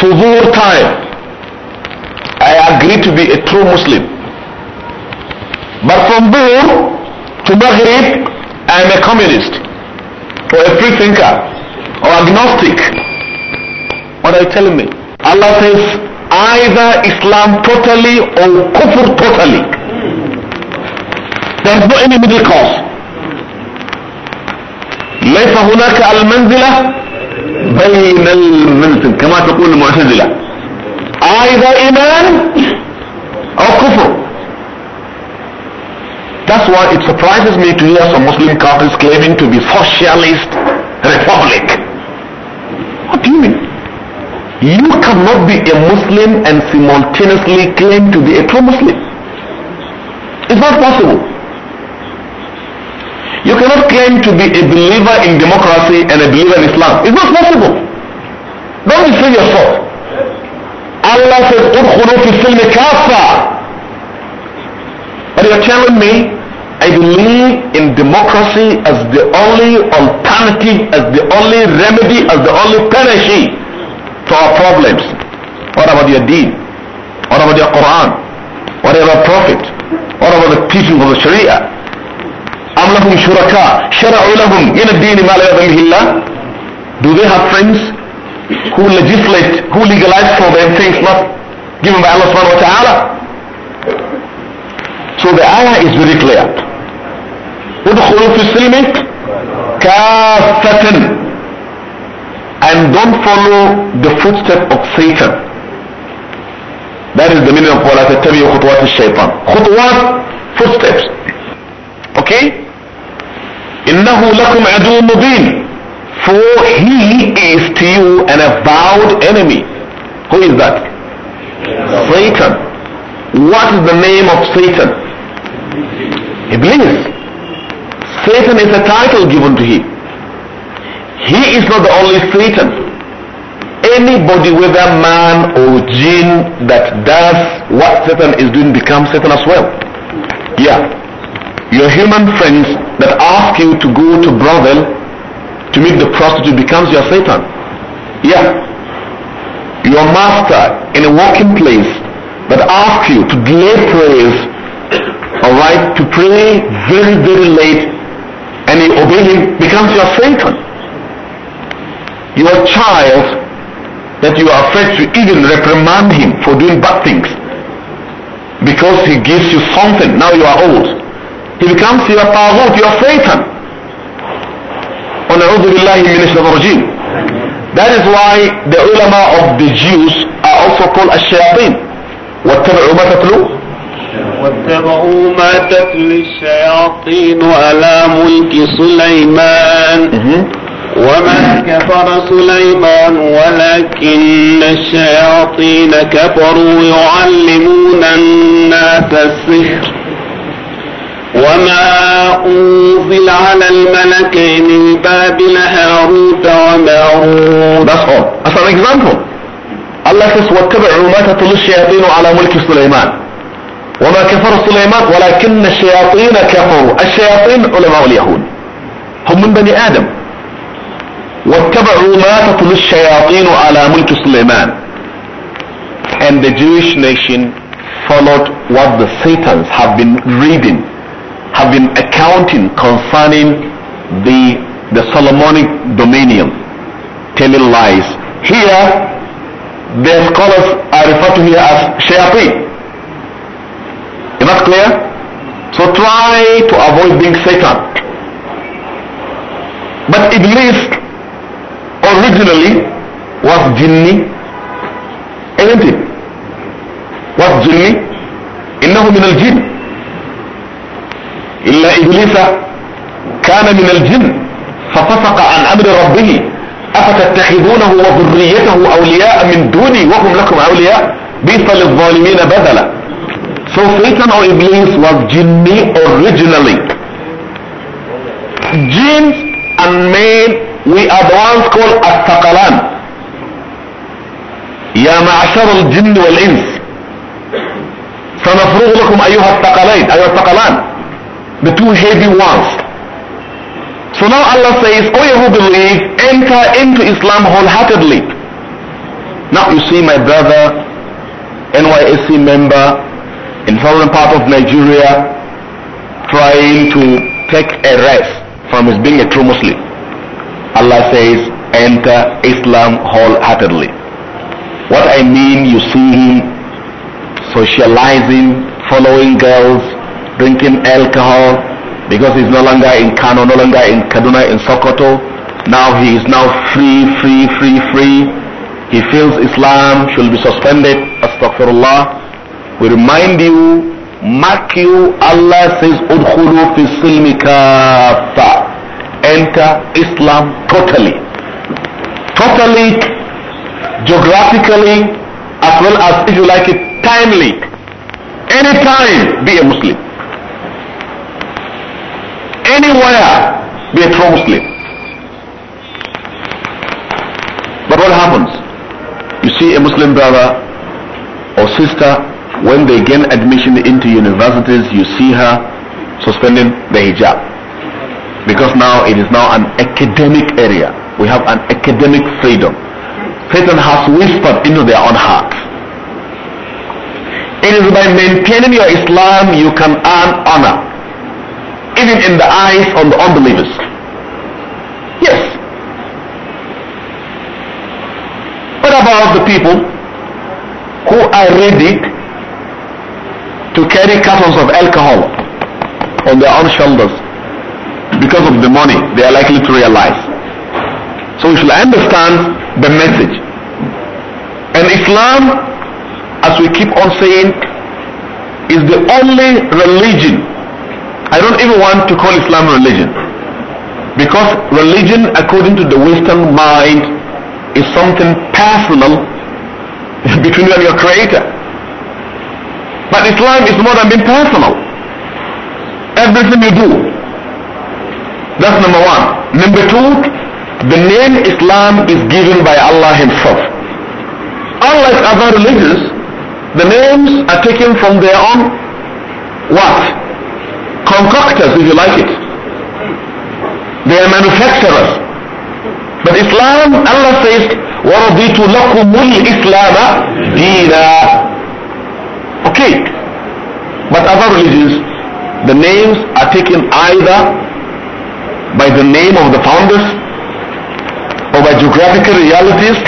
to noon time I agree to be a true Muslim but from noon to maghrib I am a communist or a free thinker or agnostic what are you telling me Allah says either Islam totally or kufr totally there is no any middle course ليس هناك المنزله بين المنسب كما تقول المعتزلة either إيمان أو كفر That's why it surprises me to hear some Muslim countries claiming to be socialist republic. What do you mean? You cannot be a Muslim and simultaneously claim to be a pro Muslim. It's not possible. You cannot claim to be a believer in democracy and a believer in Islam. It's not possible. Don't deceive yourself. Allah says, Udkhulu fi silmi kafa. But you're telling me, I believe in democracy as the only alternative, as the only remedy, as the only penalty to our problems. What about your deed? What about your Quran? What about prophet? What about the teaching of the Sharia? أم لهم شركاء شرعوا لهم in الدين ما لا la yadhim illa do they have friends who legislate who legalize for them things not given by Allah subhanahu wa ta'ala so the ayah is very clear ادخلوا في السلم كافة and don't follow the footstep of Satan that is the meaning of ولا تتبعوا خطوات الشيطان خطوات footsteps okay innahu lakum adu mubin for he is to you an avowed enemy who is that satan what is the name of satan iblis satan is a title given to him he is not the only satan anybody whether man or jinn that does what satan is doing becomes satan as well yeah your human friends that ask you to go to brothel to meet the prostitute becomes your Satan. Yeah. Your master in a working place that asks you to delay prayers, alright, to pray very, very late and you obey him becomes your Satan. Your child that you are afraid to even reprimand him for doing bad things because he gives you something. Now you are old He becomes your taghut, your Satan. That is why the ulama of the Jews are also called الشياطين واتبعوا ما تتلو واتبعوا ما تتلو الشياطين على ملك سليمان وما كفر سليمان ولكن الشياطين كفروا يعلمون الناس السحر وما أنزل على الملكين من بابل هاروت وماروت That's all. As an example, Allah says, واتبعوا ما تتل الشياطين على ملك سليمان وما كفر سليمان ولكن الشياطين كفروا الشياطين علماء اليهود هم من بني آدم واتبعوا ما تطل الشياطين على ملك سليمان And the Jewish nation followed what the Satans have been reading have been accounting concerning the, the Solomonic dominion, telling lies. Here, the scholars are referred to here as shayateen. Is that clear? So try to avoid being Satan. But Iblis originally was jinni, isn't it? Was jinni? إنه من الجن إلا إبليس كان من الجن ففسق عن أمر ربه أفتتخذونه وذريته أولياء من دوني وهم لكم أولياء بئس للظالمين بدلا So Satan or Iblis was jinni originally. Jinns and men, we are the ones called At-Taqalan. يا معشر الجن والإنس سنفرغ لكم أيها الثقلين أيها الثقلان the two heavy ones. So now Allah says, O you who believe, enter into Islam wholeheartedly. Now you see my brother, NYSC member in southern part of Nigeria, trying to take a rest from his being a true Muslim. Allah says, enter Islam wholeheartedly. What I mean, you see him socializing, following girls, drinking alcohol because he's no longer in Kano, no longer in Kaduna, in Sokoto. Now he is now free, free, free, free. He feels Islam should be suspended. Astaghfirullah. We remind you, mark you, Allah says, Udkhulu fi silmi Enter Islam totally. Totally, geographically, as well as if you like it, timely. Anytime, be a Muslim anywhere, be a true Muslim. But what happens? You see a Muslim brother or sister, when they gain admission into universities, you see her suspending the hijab. Because now it is now an academic area. We have an academic freedom. Satan has whispered into their own hearts. It is by maintaining your Islam you can earn honor even in the eyes of the unbelievers. Yes. What about the people who are ready to carry cartons of alcohol on their own shoulders because of the money they are likely to realize? So we should understand the message. And Islam, as we keep on saying, is the only religion I don't even want to call Islam religion. Because religion, according to the Western mind, is something personal between you and your creator. But Islam is more than being personal. Everything you do. That's number one. Number two, the name Islam is given by Allah Himself. Unlike other religions, the names are taken from their own what? from cocktails if you like it. They are manufacturers. But Islam, Allah says, وَرَضِيتُ لَكُمُ الْإِسْلَامَ دِينًا Okay. But other religions, the names are taken either by the name of the founders or by geographical realities,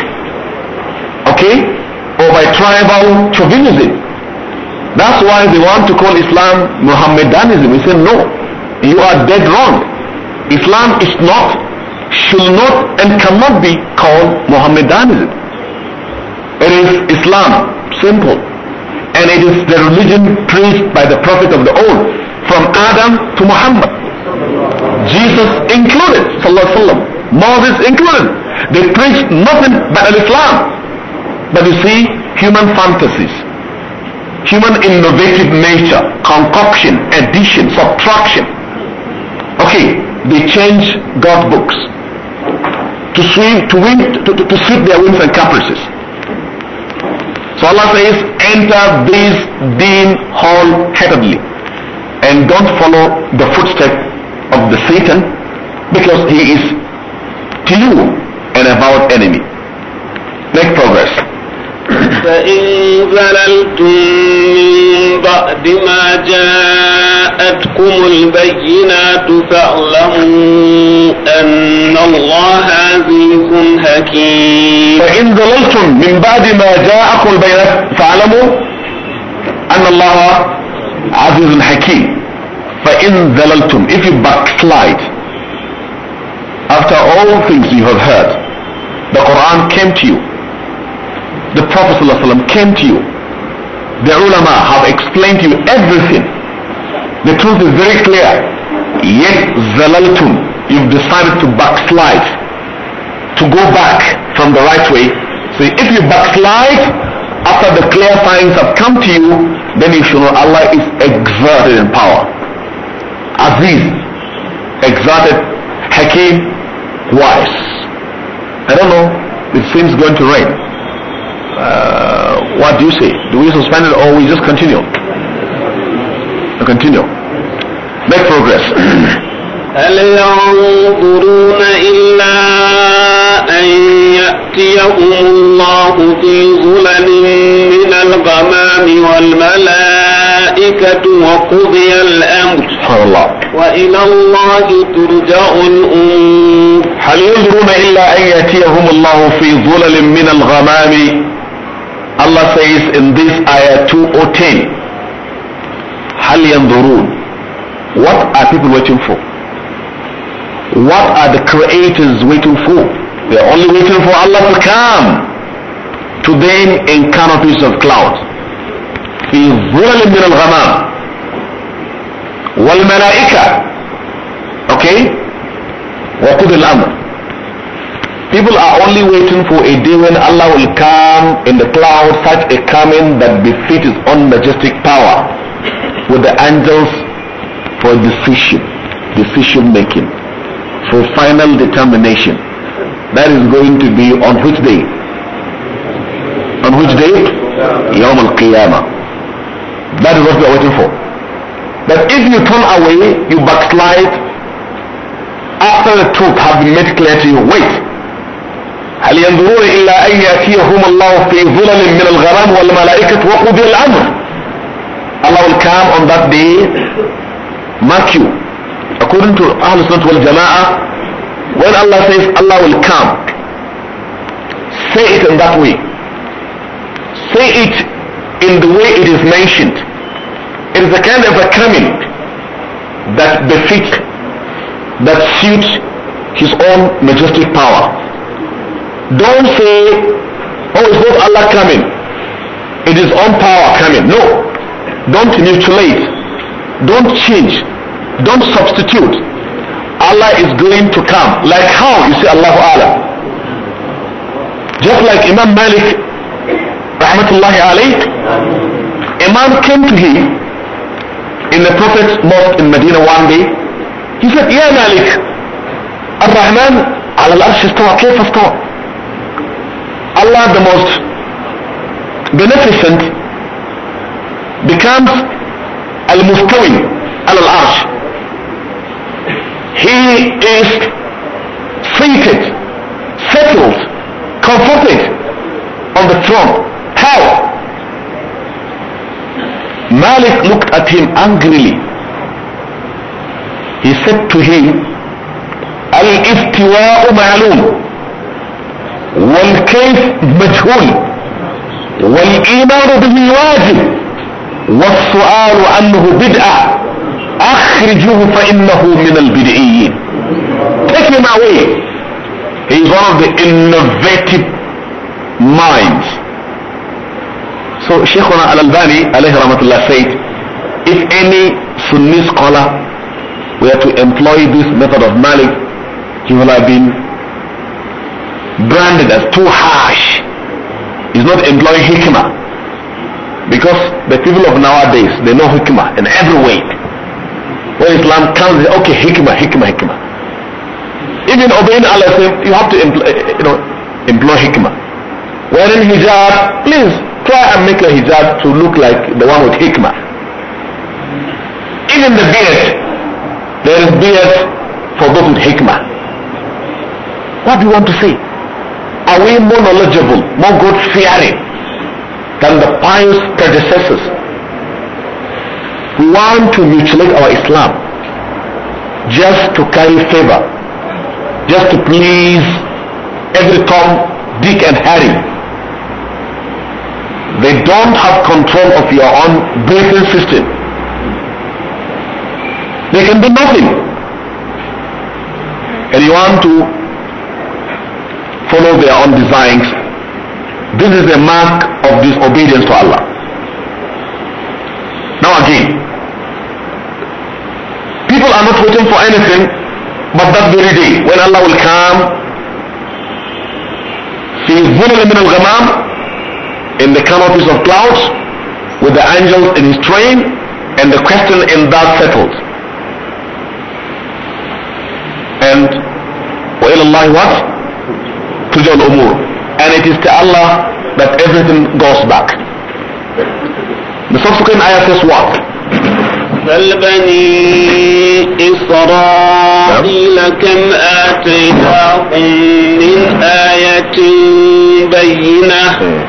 okay, or by tribal chauvinism. That's why they want to call Islam Mohammedanism. We say no, you are dead wrong. Islam is not, should not and cannot be called Mohammedanism. It is Islam, simple. And it is the religion preached by the Prophet of the old, from Adam to Muhammad. Jesus included, Sallallahu Alaihi Moses included. They preached nothing but Islam. But you see, human fantasies human innovative nature, concoction, addition, subtraction. Okay, they change God books to swim, to win, to, to, to suit their whims and caprices. So Allah says, enter this deen wholeheartedly and don't follow the footsteps of the Satan because he is to you an avowed enemy. Make progress. فإن زللتم من بعد ما جاءتكم البينات فاعلموا أن الله عزيز حكيم فإن زللتم من بعد ما جاءكم البينات فاعلموا أن الله عزيز حكيم فإن زللتم if you backslide after all things you have heard the Quran came to you the Prophet ﷺ came to you. The ulama have explained to you everything. The truth is very clear. Yet zalaltum, you've decided to backslide, to go back from the right way. So if you backslide after the clear signs have come to you, then you should know Allah is exerted in power. Aziz, exerted, Hakim, wise. I don't know, it seems going to rain. uh, what do you say? Do we suspend it or we just continue? Continue. Make progress. هل ينظرون إلا أن يأتيهم الله في ظلل من الغمام والملائكة وقضي الأمر سبحان الله وإلى الله ترجع الأمور هل ينظرون إلا أن يأتيهم الله في ظلل من الغمام Allah says in this ayah 210, Hal yanzurun. What are people waiting for? What are the creators waiting for? They are only waiting for Allah to come to them in canopies of clouds. في ظلل من الغمام والملائكة okay وقضي الأمر People are only waiting for a day when Allah will come in the cloud, such a coming that befits his own majestic power with the angels for decision, decision making, for final determination. That is going to be on which day? On which day? Yawm al-Qiyamah. That is what we are waiting for. But if you turn away, you backslide, after the truth has been made clear to you, wait, هل ينظرون إلا أن يأتيهم الله في ظلل من الغرام والملائكة وقضي الأمر Allah will come on that day mark you according to Ahl Sunnah wal when Allah says Allah will come say it in that way say it in the way it is mentioned it is a kind of a coming that befits that suits his own majestic power don't say, oh, it's not Allah coming. It is on power coming. No. Don't mutilate. Don't change. Don't substitute. Allah is going to come. Like how? You say Allah, Allah. Just like Imam Malik, rahmatullahi Ali, Imam came to him in the Prophet's mosque in Medina one day. He said, Yeah Malik, Ar-Rahman, Allah is استوى كيف Allah the most beneficent becomes al-mustawi al-arsh he is seated settled comforted on the throne how Malik looked at him angrily he said to him al-istiwa'u ma'lum والكيف مجهول والإيمان به واجب والسؤال عنه بدعة أخرجه فإنه من البدعيين Take him away He is one of the innovative minds So Shaykhuna Al-Albani alayhi rahmatullah said If any Sunni scholar were to employ this method of Malik he would have been branded as too harsh is not employing hikmah because the people of nowadays they know hikmah in every way when Islam comes okay hikmah hikmah hikmah even obeying Allah you have to employ, eh, eh, you know employ hikmah wearing hijab please try and make your hijab to look like the one with hikmah even the beard there is beard for those with hikmah what do you want to say are we more knowledgeable, more God-fearing than the pious predecessors? We want to mutilate our Islam just to carry favor, just to please every Tom, Dick and Harry. They don't have control of your own breathing system. They can do nothing. And you want to follow their own designs. This is a mark of disobedience to Allah. Now again, people are not waiting for anything but that very day when Allah will come. He is in the canopies of clouds with the angels in his train and the question in that settled. And وإلى الله what? to the umur. And it is to Allah that everything goes back. The subsequent ayah says what? بل بني إسرائيل كم آتيناهم من آية بينة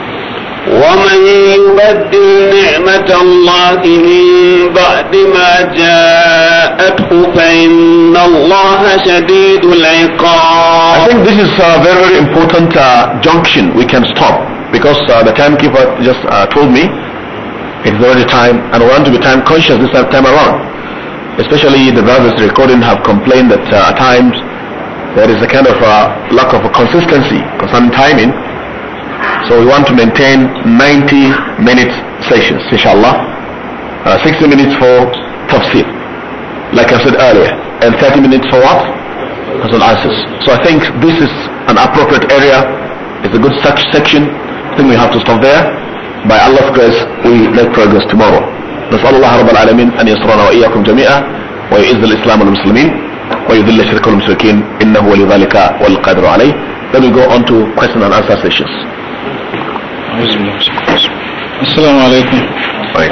ومن يبدل نعمة الله من بعد ما جاءته فإن الله شديد العقاب I think this is a very very important uh, junction we can stop because uh, the timekeeper just uh, told me it's already time and we want to be time conscious this time around especially the brothers recording have complained that uh, at times there is a kind of uh, lack of consistency concerning timing so we want to maintain 90 minutes sessions, inshallah. Uh, 60 minutes for tafsir, like I said earlier, and 30 minutes for what? As an ISIS. So I think this is an appropriate area. It's a good such section. I think we have to stop there. By Allah's grace, we make progress tomorrow. نسأل الله رب العالمين أن يسرنا وإياكم جميعا ويعز الإسلام والمسلمين ويذل الشرك والمشركين إنه ولي ذلك والقادر عليه. Then we go on to question and answer sessions. Assalamu alaikum.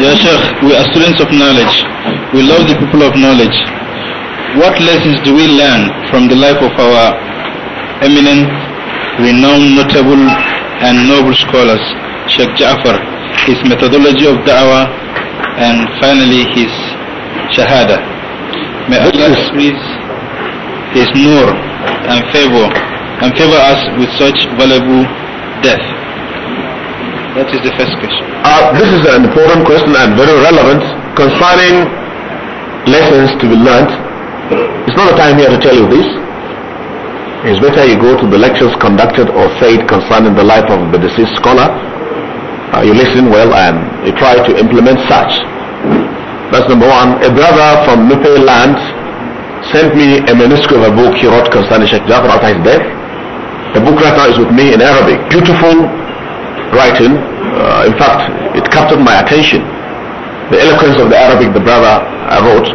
Ya Sheikh, we are students of knowledge. We love the people of knowledge. What lessons do we learn from the life of our eminent, renowned, notable, and noble scholars, Sheikh Ja'far, his methodology of da'wah, and finally his shahada? May Allah increase his nur and favor and favor us with such valuable death. That is the first question. Uh, this is an important question and very relevant concerning lessons to be learned. It's not the time here to tell you this. It's better you go to the lectures conducted or said concerning the life of the deceased scholar. Uh, you listen well and you try to implement such. That's number one. A brother from Nupe land sent me a manuscript of a book he wrote concerning Sheikh Jafar after his death. The book right now is with me in Arabic. Beautiful writing. Uh, in fact, it captured my attention. The eloquence of the Arabic the brother I uh, wrote.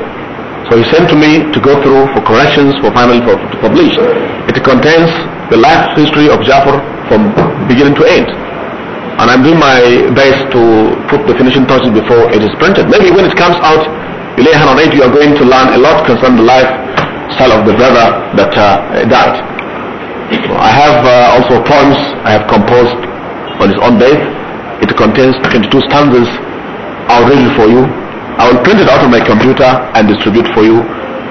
So he sent to me to go through for corrections for final for, to publish. It contains the life history of Jafar from beginning to end. And I'm doing my best to put the finishing touches before it is printed. Maybe when it comes out, you lay hand on it, you are going to learn a lot concerning the life style of the brother that uh, died. So I have uh, also poems I have composed on his own death. It contains 22 stanzas. I'll read it for you. I will print it out on my computer and distribute for you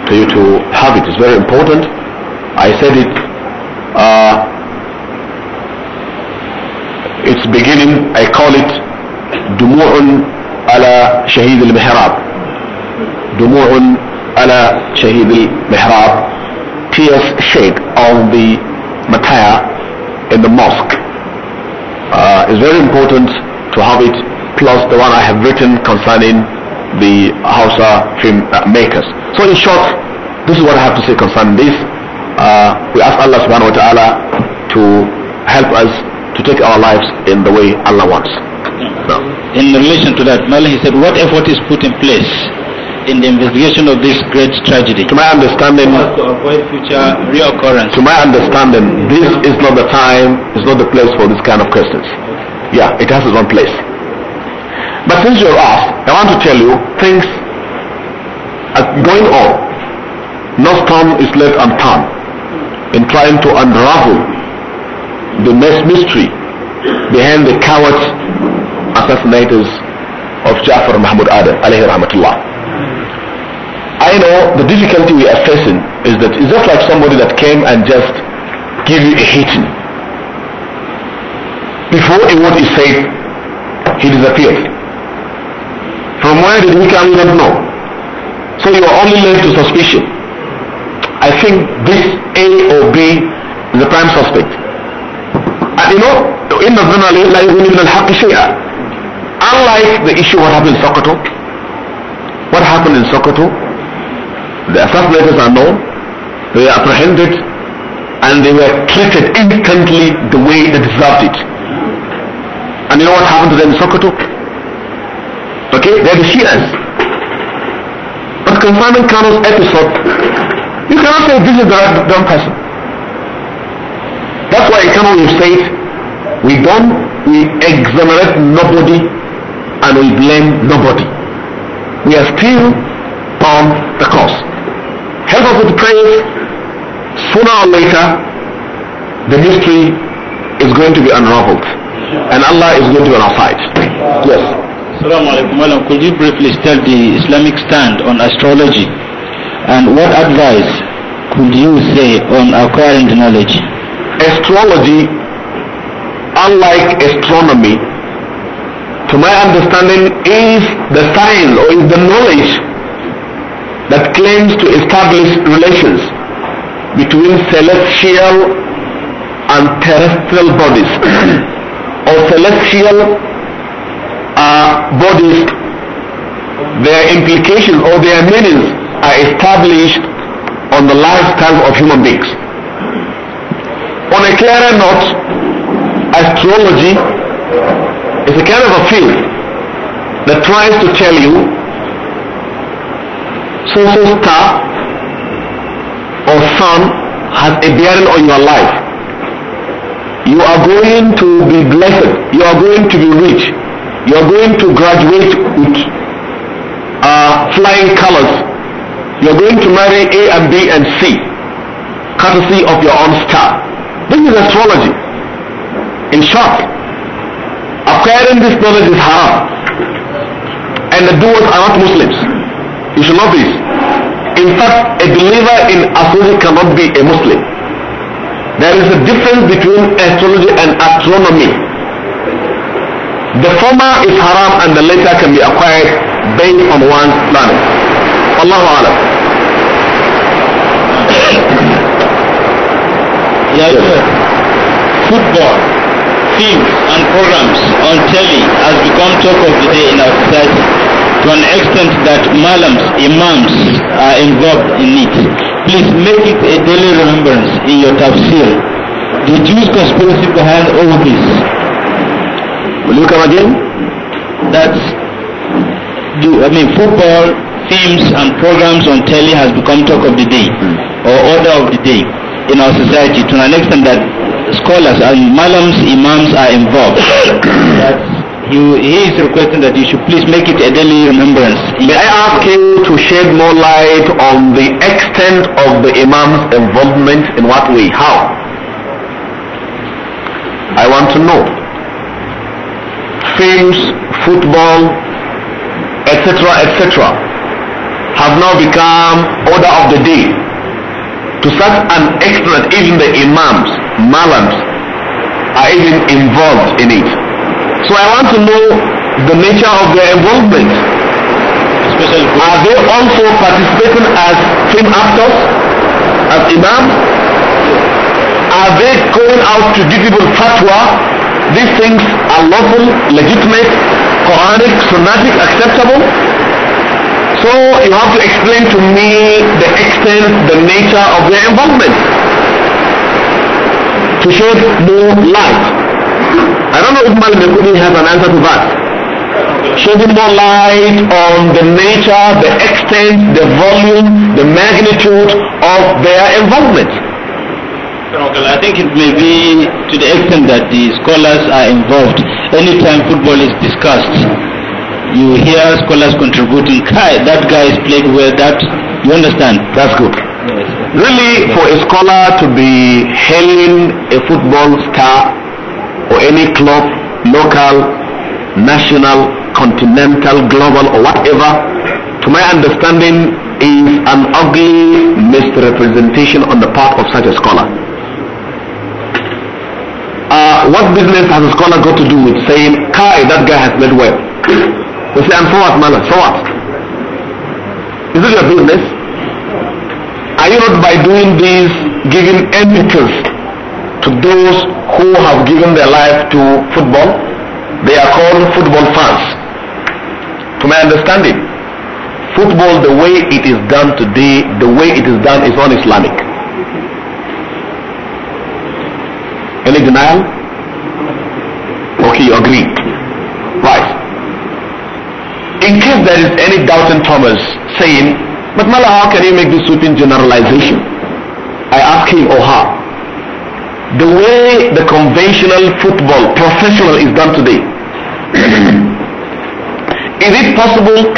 for you to have it. It's very important. I said it. Uh, its beginning, I call it ala Shahid al-Mihrab." المحراب ala Shahid al-Mihrab." tears shed on the mataya in the mosque uh, it's very important to have it plus the one I have written concerning the Hausa film uh, makers. So in short, this is what I have to say concerning this. Uh, we ask Allah subhanahu wa ta'ala to help us to take our lives in the way Allah wants. In relation to that, Malik, he said, what effort is put in place in the investigation of this great tragedy. To my understanding, to avoid future reoccurrence. To my understanding, this is not the time, it's not the place for this kind of questions. Yeah, it has its own place. But since you're asked, I want to tell you things are going on. No stone is left unturned in trying to unravel the mystery behind the cowards assassinators of Jafar Mahmud Adam alayhi rahmatullah. I know the difficulty we are facing is that it's just like somebody that came and just give you a hitting. Before a word is said, he disappeared. From where did he come? We don't know. So you are only left to suspicion. I think this A or B is the prime suspect. And you know, in the لا يغني من Unlike the issue what happened in Sokoto, what happened in Sokoto the assassinators are known, they were apprehended, and they were treated instantly the way they deserved it. And you know what happened to them in Sokoto? Okay, they're the Shias. But concerning Kano's episode, you cannot say this is the right dumb person. That's why in Kano we say we don't, we exonerate nobody and we blame nobody. We are still on the course help us with prayers, sooner or later, the mystery is going to be unraveled. And Allah is going to be on our side. Yes. Assalamualaikum. Could you briefly tell the Islamic stand on astrology? And what advice could you say on acquiring the knowledge? Astrology, unlike astronomy, to my understanding, is the science or is the knowledge that claims to establish relations between celestial and terrestrial bodies or celestial uh, bodies their implications or their meanings are established on the lifestyle of human beings on a clearer note astrology is a kind of a field that tries to tell you so-so star or sun has a bearing on your life. You are going to be blessed. You are going to be rich. You are going to graduate with uh, flying colors. You are going to marry A and B and C, courtesy of your own star. This is astrology. In short, acquiring this knowledge is haram. And the doers are not Muslims. You should know this. In fact, a believer in astrology cannot be a Muslim. There is a difference between astrology and astronomy. The former is haram and the latter can be acquired based on one's planet. Allahu Alam. Yes, sir. Football, films and programs on telly has become talk of the day in our society to an extent that malams, imams are involved in it. Please make it a daily remembrance in your tafsir. The Jews' conspiracy behind all this. Will you come again? the I mean, football, themes and programs on telly has become talk of the day, mm. or order of the day in our society to an extent that scholars and malams, imams are involved. you, he is requesting that you should please make it a daily remembrance. May I ask you to shed more light on the extent of the Imam's involvement in what way? How? I want to know. Films, football, etc., etc., have now become order of the day to such an extent even the imams, malams, are even involved in it. So I want to know the nature of their involvement. Are they also participating as film actors, as imam? Are they going out to give people fatwa? These things are lawful, legitimate, Quranic, Sunnatic, acceptable? So you have to explain to me the extent, the nature of their involvement to shed more light. I don't know if Malam has an answer to that. Shedding more light on the nature, the extent, the volume, the magnitude of their involvement. I think it may be to the extent that the scholars are involved. Anytime football is discussed, you hear scholars contributing. That guy is playing well. That you understand? That's good. Yes. Really, yes. for a scholar to be hailing a football star or any club, local, national, continental, global, or whatever, to my understanding, is an ugly misrepresentation on the part of such a scholar. Uh, what business has a scholar got to do with saying, Kai, that guy has made well? You say, and for what, man? For what? Is it your business? Are you not by doing this giving any trust? to those who have given their life to football. They are called football fans. To my understanding, football, the way it is done today, the way it is done is non-Islamic. Any denial? Okay, you agree. Right. In case there is any doubt in Thomas saying, but Mala, how can you make this sweeping generalization? I ask him or her, the way the conventional football, professional, is done today. is it possible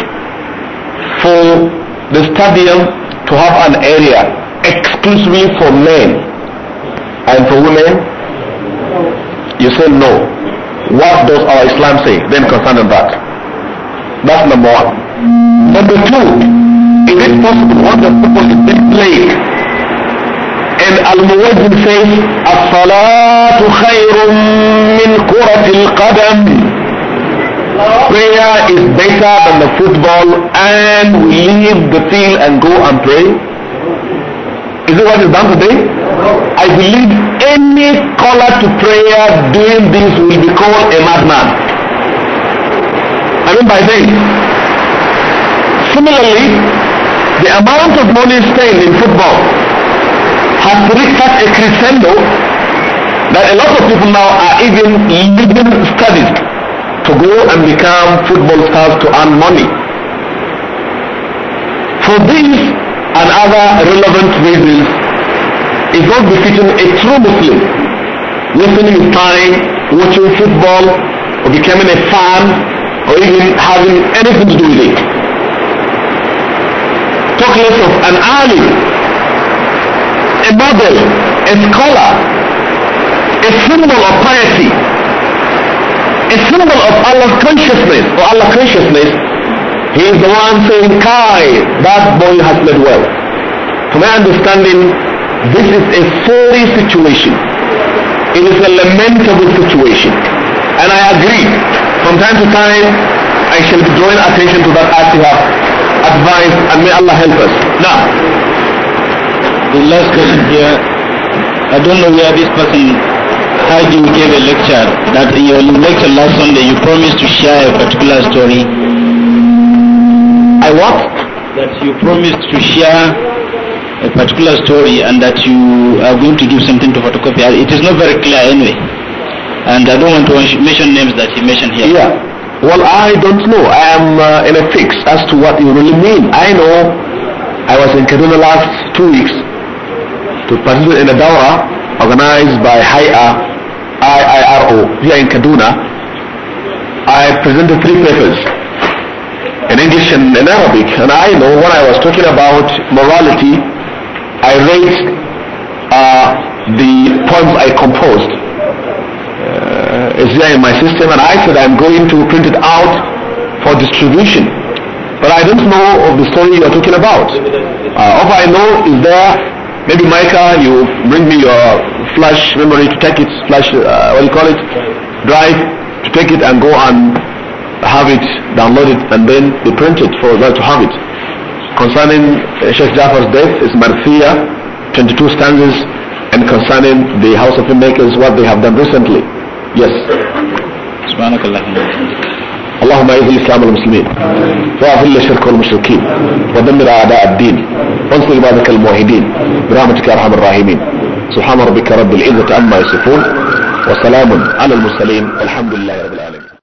for the stadium to have an area exclusively for men and for women? You say no. What does our Islam say then concerning that? That's number one. Number two, is it possible what the football is being played and Al-Muwajjid says, الصلاة خير من كرة القدم. Prayer is better than the football and we leave the field and go and pray. Is it what is done today? I believe any caller to prayer doing this will be called a madman. I mean by this. Similarly, the amount of money spent in football has reached such a crescendo that a lot of people now are even leaving studies to go and become football stars to earn money. For these and other relevant reasons, is not befitting a true Muslim. Wasting his time watching football or becoming a fan or even having anything to do with it. Talk less of an alim model, a scholar, a symbol of piety, a symbol of Allah's consciousness or Allah consciousness, he is the one saying, Kai, that boy has not well. To my understanding, this is a sorry situation. It is a lamentable situation. And I agree. From time to time, I shall be drawing attention to that as you have advised, and may Allah help us. Now, the last question here. I don't know where this person heard you gave a lecture that in your lecture last Sunday you promised to share a particular story. I what? That you promised to share a particular story and that you are going to give something to photocopy. It is not very clear anyway. And I don't want to mention names that you mentioned here. Yeah. Well, I don't know. I am uh, in a fix as to what you really mean. I know I was in Kaduna last two weeks to participate in a dawa organized by HIA, IIRO here in Kaduna. I presented three papers in English and in Arabic. And I know when I was talking about morality, I read uh, the poems I composed. Uh, it's there in my system, and I said I'm going to print it out for distribution. But I don't know of the story you are talking about. Uh, all I know is there Maybe Micah, you bring me your flash memory to take it, flash, uh, what do you call it? Drive, to take it and go and have it downloaded and then be printed for us to have it. Concerning uh, Sheikh Jafar's death it's Marthia, 22 stanzas, and concerning the House of Filmmakers, what they have done recently. Yes. اللهم اعز الاسلام والمسلمين واذل الشرك والمشركين ودمر اعداء الدين وانصر عبادك الموحدين برحمتك يا ارحم الراحمين سبحان ربك رب العزه عما يصفون وسلام على المرسلين الحمد لله رب العالمين